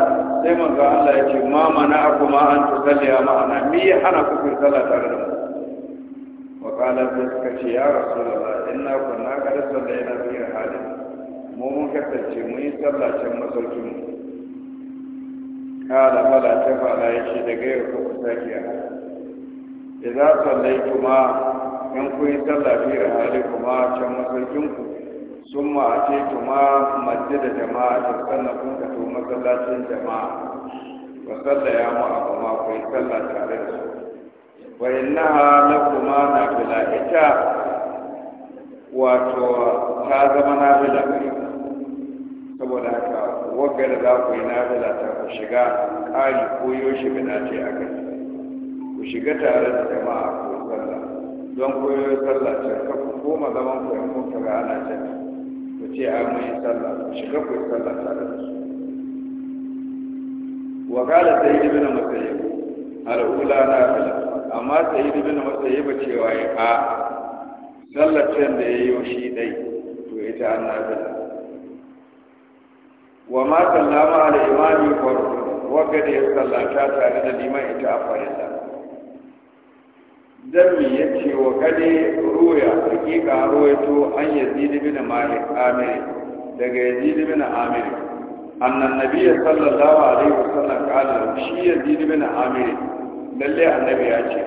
sai manzo Allah ya ce ma mana akuma an tusalliya ma'ana ana ya hana ku sallah tare da mu faƙala sai suka ce ya rasu da in na kunna kada sallah yana fiye halin mu mun kasance mun yi sallah can masaukin mu kala fada ta fada ya ce daga yau ko ku sake a idan sallai kuma in ku yi sallah fiye halin kuma can masaukin ku sun ma a ce kuma majji da jama'a ta sannan kun ka to masallacin jama'a Ba sallaya mu a kuma ku yi sallah tare da su wa لكما نافلة إتا ita wato ta zama nafila gare saboda haka wagga da za ku yi nafila تارد كما shiga صلى bina ce a ku shiga tare da sallah don koyo sallah ce ka koma zaman ku kuka ga ana ce a mu yi sallah ku shiga ku yi sallah tare da su wa kala sai ibn musayyib al'ula na fila amma sai yi ibn masayi ba cewa ya a sallacin da ya yi shi dai to ita an na wa ma sallama ala imami wagga da ya sallata tare da liman ita a farilla dami ya ce wa kade ruya hakika ruwaito an yi zidibina malik amir daga yazid zidibina amir أن النبي صلى الله عليه وسلم قال شيء يزيد بن عامر للي النبي أجي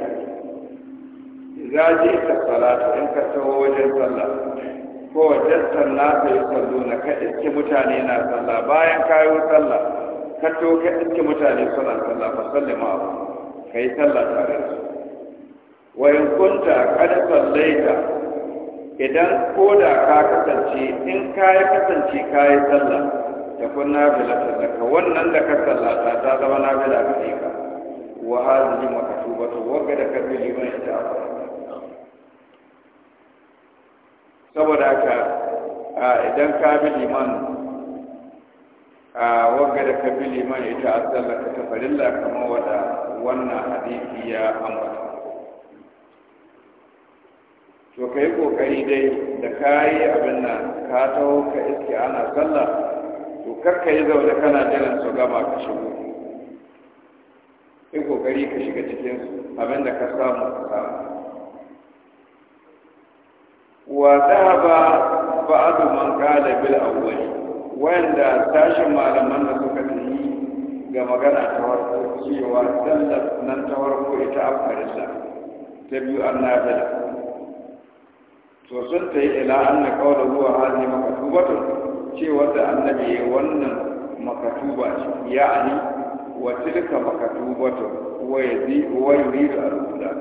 إذا جئت الصلاة إن كتبه وجه صلى ko wajen na sai sallo na ka iske mutane sallah bayan kayo sallah ka to iske mutane suna sallah fa sallama ka yi sallah tare da in kunta kad sallaita idan ko da ka kasance in ka kasance ka yi sallah kun nafila ta zaka wannan da ka sallata ta zama nafila ka ne ka wa hazihi makatubatu wagga da kabbi liman ita a saboda haka idan ka bi liman wanga da kabbi liman ita a ka ta farilla kamar wada wannan hadisi ya ambata to ka yi ƙoƙari dai da ka yi abin nan ka taho ka iske ana sallah to karka yi zaune kana jiran su gama ka shigo yi kokari ka shiga cikin su abin da ka samu ka samu wa ba ba'du man qala bil awwal wanda tashin malaman da suka yi ga magana ta farko cewa sallar nan ta warko ita afarisa ta biyu annabila to sun ta yi ila anna qawla huwa hadhihi maktubatun cewar da annabi ya wannan makatuba ce ya'ani wa tilka makatubatu wa yadi wa yuridu al-ula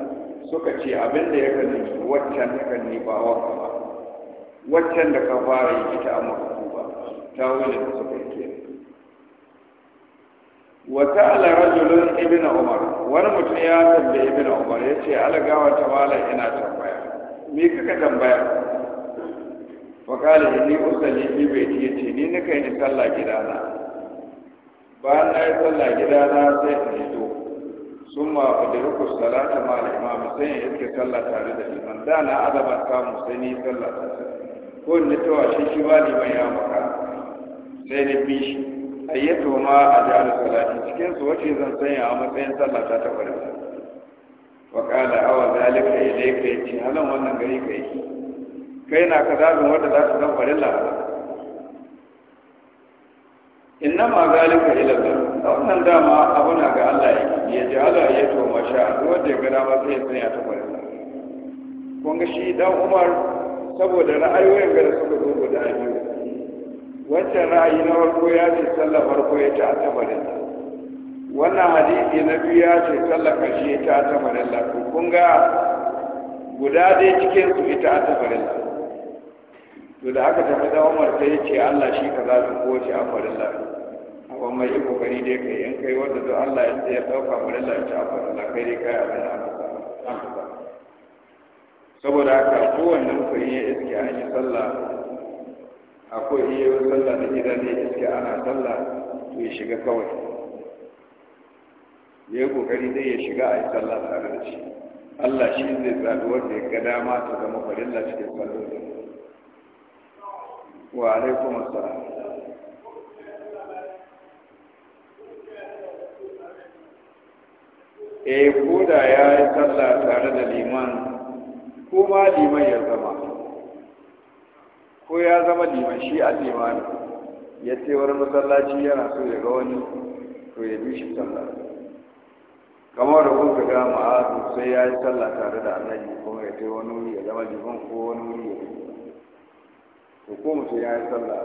suka ce abin da yake ne waccan ta kan ne ba wa ba waccan da ka fara yi ta makatuba ta wani da suka yi kenan ta'ala رجل ابن Umar, wani mutum ya tambaye ibn umar yace alagawa ta mala ina tambaya me kaka tambaya wa kala inni usalli bai baiti ce ni nika yi sallah gidana bayan na yi sallah gidana sai in fito summa udriku salata ma ta imam sai in iske sallah tare da liman da na azabar samu sai ni sallah ko ni ta wa shi ba ni mai ya maka sai ni bi shi ayyatu ma jihar salati cikin su wace zan sanya a matsayin sallah ta ta farko wa kala awa zalika ilayka yace halan wannan gari kai kai na ka zaɓin wanda za su zan farilla inna ma zalika ila a wannan dama abu na ga Allah ya ji Allah ya to masha wanda ya gada ma sai ya tsaya ta farilla kun ga shi dan Umar saboda ra'ayoyin ga suka zo guda biyu wancan ra'ayi na farko ya ce sallah farko ya ta ta farilla wannan hadisi na biyu ya ce sallah karshe ya ta ta farilla kun ga guda dai cikin su ita ta farilla to da haka ta fada umar ta yi ce allah shi ka za su kowace a farilla abu mai yi kokari dai kai in kai wanda don allah ya tsaye ɗauka farilla ce a farilla kai dai kai abin da saboda haka kowanne ku yi iske an yi sallah akwai iya yi sallah da gida ne iske ana sallah to ya shiga kawai ya yi kokari dai ya shiga a yi sallah tare da shi allah shi zai zaɓi wanda ya ga dama ta zama farilla cikin sallolin wa alaikum assalam eh ko da ya yi sallah tare da liman ko ma liman ya zama ko ya zama liman shi a liman ya ce wani masallaci yana so ya ga wani to ya bi shi sallah kamar da kuka ga ma'azu sai ya yi sallah tare da annabi kuma ya ce wani wuri ya zama liman ko wani wuri ya zama to ko mutum ya yi sallah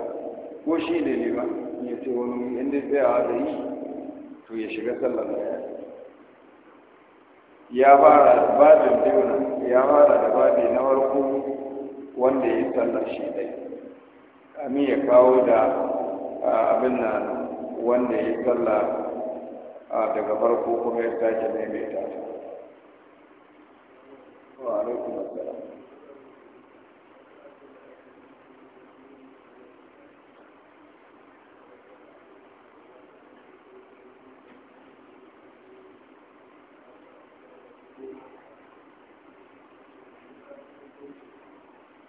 ko shi ne ne ba ya ce wani inda a da yi to ya shiga sallah da ya ya fara da babin biyu ya fara da babi na farko wanda ya yi sallah shi dai amin ya kawo da abin na wanda ya yi sallah daga farko kuma ya sake maimaita ta wa alaikum assalam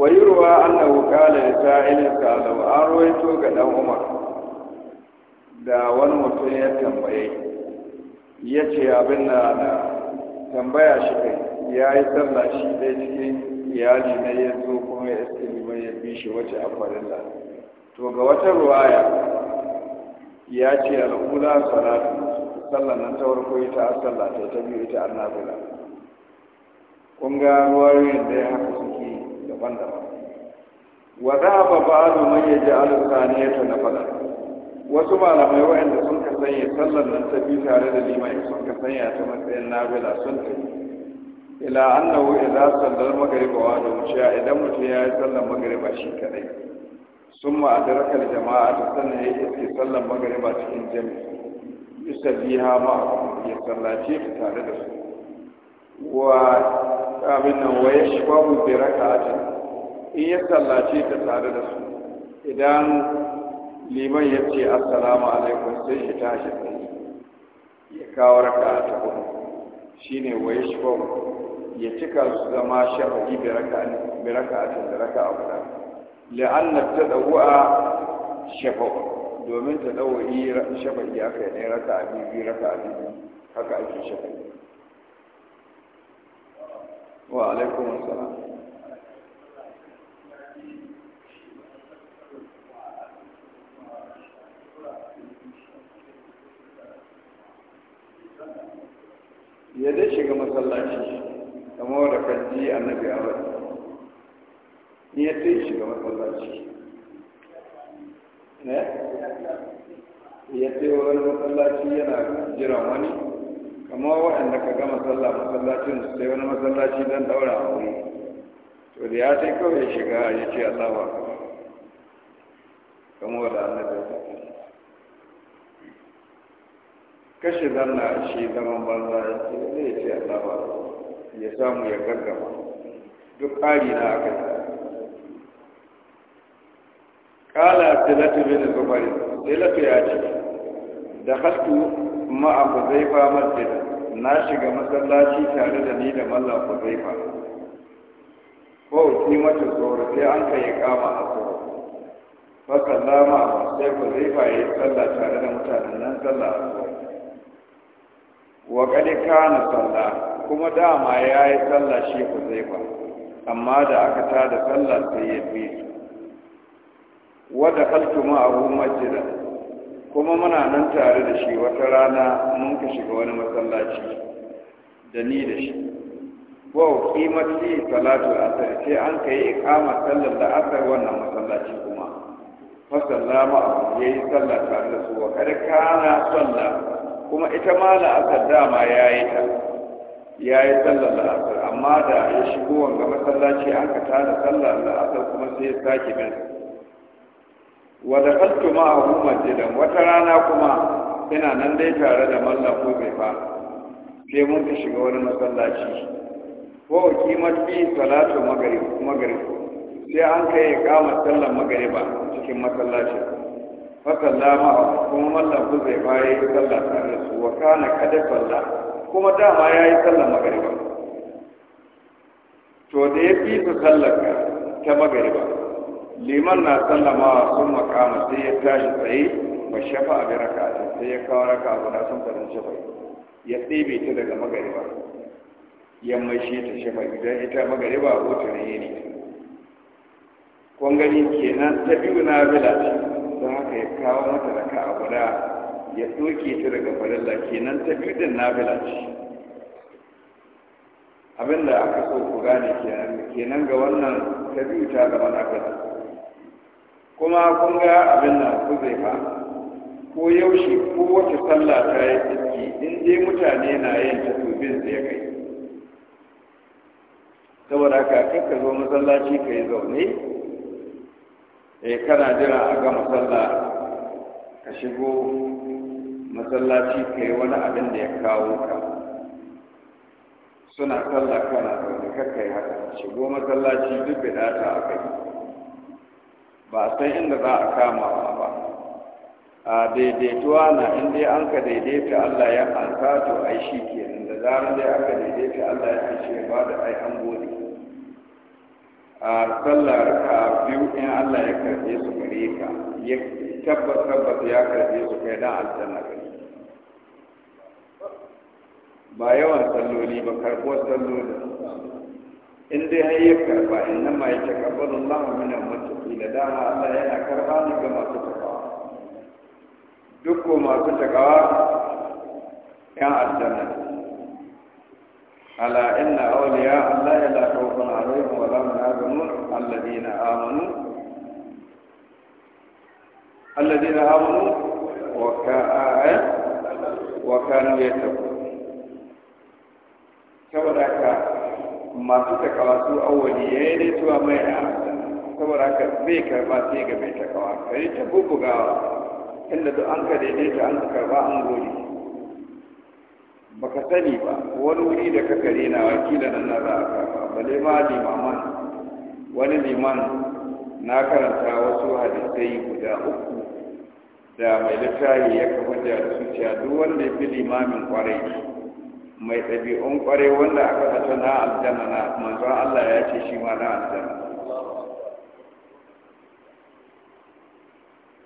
wayurwa annahu qala li sa'ilin sa'alu an rawaito ga dan umar da wani mutum ya tambaye ya ce abin na na tambaya shi kai ya yi sallah dai cikin iyali na ya zo kuma ya iske liman ya bi shi to ga wata ruwaya ya ce al'ula salatu sallan nan ta farko ita a sallah ta ta biyu ita annabila kun ga ruwayoyin da ya haka daban-daban wa ya ji man yaj'alu thaniyata nafala wasu malamai waɗanda sun ka sanya sallar nan ta bi tare da limai sun ka sanya ta matsayin nabila sun tafi ila annahu idza sallal maghriba wa da mushiya idan mutum ya yi sallar maghriba shi kadai summa adraka al jama'a ta sanna ya yi sallar maghriba cikin jami'i yusalliha ma ya sallace ta tare da su wa abin nan wa yashbahu bi raka'atin in ya sallace ta tare da su idan liman ya ce assalamu alaikum sai shi tashi tsaye ya kawo raka ta shi shine wai shi ya cika su zama shafi a raka'atin da raka'a guda la'anna a shafa domin ta yi shafa ya kai ne raka'a biyu a biyu haka ake shafa wa alaikum assalam ya dai shiga masallaci kamar da kaji annabi a wani ni ya dai shiga masallaci ne ya ce wani masallaci yana jira wani kamar waɗanda ka ga masallaci masallacin su sai wani masallaci don daura a wuri to da ya sai kawai shiga ya ce Allah ba kamar da annabi kashe zanna shi zaman banza ya ce zai ce Allah ba ya samu ya gargama duk ƙari na aka ta kala tilatu bin zubari tilatu ya ce da hasku ma'a fa masjid na shiga masallaci tare da ni da zai fa. ko mace tsoro sai an kai kama a tsoro fa sallama sai huzaifa ya yi sallah tare da mutanen nan sallah a tsoro wa kadi kana sallah kuma dama ya yi sallah shi ku zai ba amma da aka ta da sallah sai ya bi su wadda kaltu ma'ahu masjidan kuma muna nan tare da shi wata rana mun ka shiga wani masallaci da ni da shi wow kimati salatu asar sai an kai iqama sallar da asar wannan masallaci kuma fa sallama yayi sallah tare da su wa kada kana sallah kuma ita ma aka dama ya yi ta ya yi sallar la'asar amma da ya shigo wanga masallaci an ka tada sallar la'asar kuma sai ya sake bin wa da kaltu hukumar jidan wata rana kuma ina nan dai tare da mallam ko bai fa sai mun ka shiga wani masallaci ko kimar fi salatu magari sai an kai ya kama sallar ba cikin masallacin fakalla ma kuma mallan ku ma ya yi sallah tare da su wa kana kada falla kuma dama ya yi sallah magariba to da ya fi su sallar ta magariba liman na sallama sun makama sai ya tashi tsaye ba shafa a raka sai ya kawo raka guda sun karin shafa ya tsebe ta daga magariba yamma shi ta shafa idan ita magariba a ne ne kun gani kenan ta biyu na bila ce don haka ya kawo mata raka a guda ya soke ta daga farilla kenan ta fitin Nabila ce ce abinda aka so ku gane kenan ga wannan ta biyu ta zama nafila kuma kun ga abin da ku zai fa ko yaushe ko wata sallah ta yi tsiki in dai mutane na yin ta to zai kai saboda haka kakka zo masallaci ka yi zaune eh kana jira a ga masalla ka shigo masallaci ka yi wani abin da ya kawo ka suna sallah kana da kakka haka shigo masallaci duk da data a kai ba san inda za a kama ba a daidaituwa na in dai an ka daidaita Allah ya an to ai shi kenan da zarar dai aka daidaita Allah ya ce ba da ai an gode a sallar ka biyu in Allah ya karbe su gare ka ya tabbata tabbata ya karbe su kai dan aljanna gare ba yawan salloli ba karbo salloli in dai har ya karba inna ma yake kabbalu Allah min al-muttaqin da dama Allah yana karba ni ga masu takawa duk ko masu takawa yan aljanna على إن أولياء الله لا خوف عليهم ولا هم يحزنون الذين آمنوا الذين آمنوا وكانوا يتقون saboda haka masu takawa su awali ya yi daituwa mai a saboda haka zai karba sai ga mai takawa kari ta inda duk an ka daidaita an karba an gode baka sani ba wani wuri da ka kare na wakila nan na za a kama bale ma limaman wani liman na karanta wasu hadisai guda uku da mai littafi ya kafa da cewa duk wanda ya fi limamin kwarai mai ɗabi'un kwarai wanda aka fata na aljanna na manzon Allah ya ce shi ma na aljanna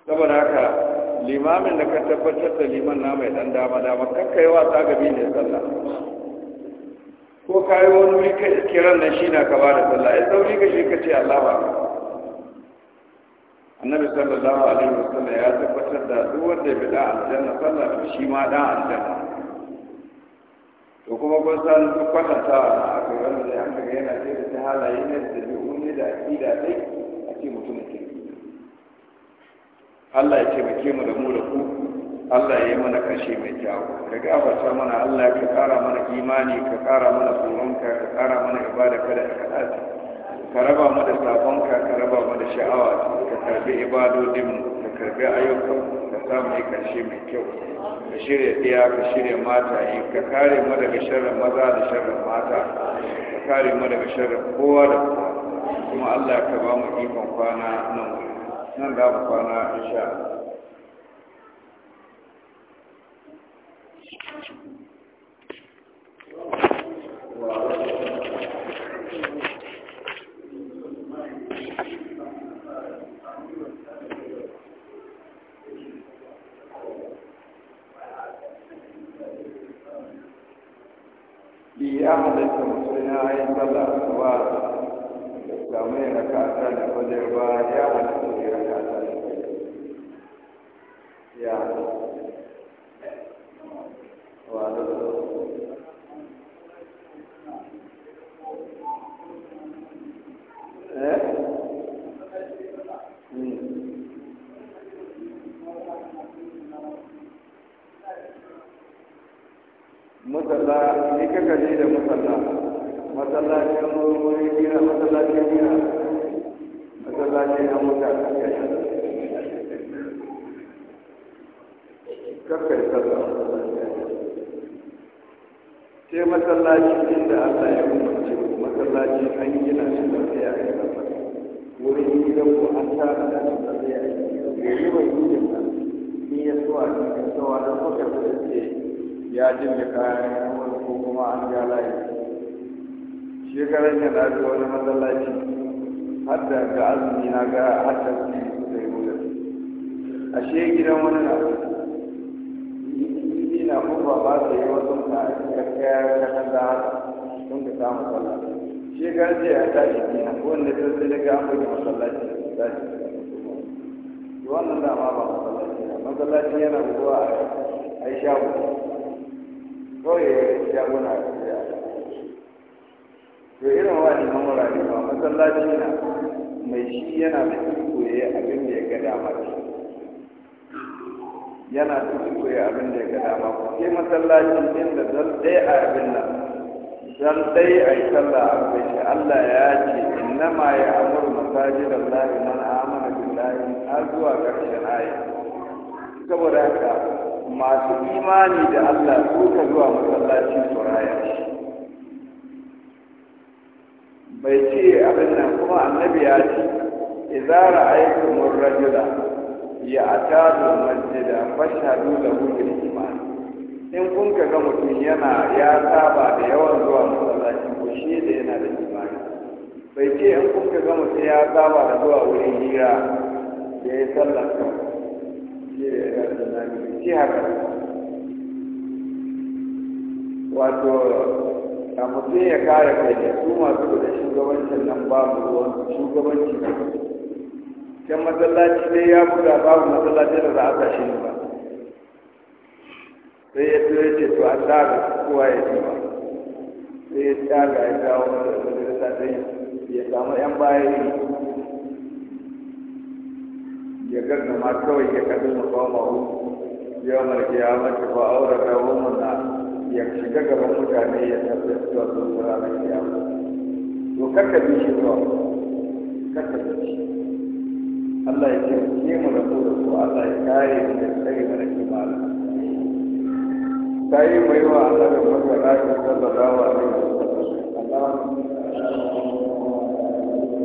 saboda haka limamin da ka tabbatar da liman na mai dan dama dama kakka wa ta gabi ne sallah ko kai wani wuri ka kiran nan shi na ka ba da sallah ya sauri ka shi ka ce Allah ba annabi sallallahu alaihi wasallam ya tabbatar da duk wanda ya bida aljanna sallah to shi ma dan aljanna to kuma kun san duk ta a kai wanda ya an ga yana da halaye ne da dabi'u ne da aqida dai a ce mutum ne Allah ya taimake mu da mu da ku Allah ya yi mana kashe mai kyawu ka gafarta mana Allah ka ƙara mana imani ka ƙara mana tsoronka ka ƙara mana ibada kada ka kaɗa ka raba mu da sabonka ka raba mu da sha'awa ka karbi ibadodin. ka karbi ayyukan ka samu yi ƙarshe mai kyau ka shirya ɗaya ka shirya mata yi ka kare mu daga sharrin maza da sharrin mata ka kare mu daga sharrin kowa da kowa kuma Allah ka ba mu ikon kwana nan wuri nan za mu kwana insha rashin lafiya wani matsalaci hadda ga azumi na ga hadda su da yi mutu ashe gidan wani na yi na kuma ba su yi wasu na kakkaya kakan kanta haka sun ka samu sallah shekar ce ya tashi gina wanda ta sai daga an buga masallaci da shi wannan dama ba matsalaci na matsalaci yana zuwa a yi shago kawai ya yi shago na to irin wani mamura ne ba masallaci na mai shi yana da iko abin da ya ga dama yana da iko abin da ya ga dama ku ke masallaci inda zan ɗaya a abin nan zan ɗaya a yi sallah a kai shi Allah ya ce ma ya amuru da Allah man amana billahi har zuwa ƙarshen aya saboda haka masu imani da Allah su ka zuwa masallaci su raya shi mai ce abin nan kuma annabi ya ce idza ra'aytumur rajula ya'tadu masjida fashhadu lahu bil iman in kun ka ga mutum yana ya saba da yawan zuwa masallaci ko shi da yana da imani bai ce in kun ka ga mutum ya saba da zuwa wurin hira ya yi sallar ka shi da yana da imani ce haka wato a mutum ya kare kai su masu da shugabancin nan babu ruwan shugabanci kan masallaci dai ya buga babu masallaci da za a sa shi ba sai ya tura ce to an daga kowa ya ci ba sai ya daga ya kawo da majalisa dai ya samu yan bayan ya gargama kawai ya kaɗin mafawa yawan markiya mace ba aure da wani na ya shiga gaban mutane ya tafi zuwa zuwa ya kiyama to kakka bi shi zuwa kakka bi shi Allah ya ce ke mu da ko da ko Allah ya kare mu da tsare mu da kimala sai mai wa Allah da magana sallallahu alaihi wasallam Allah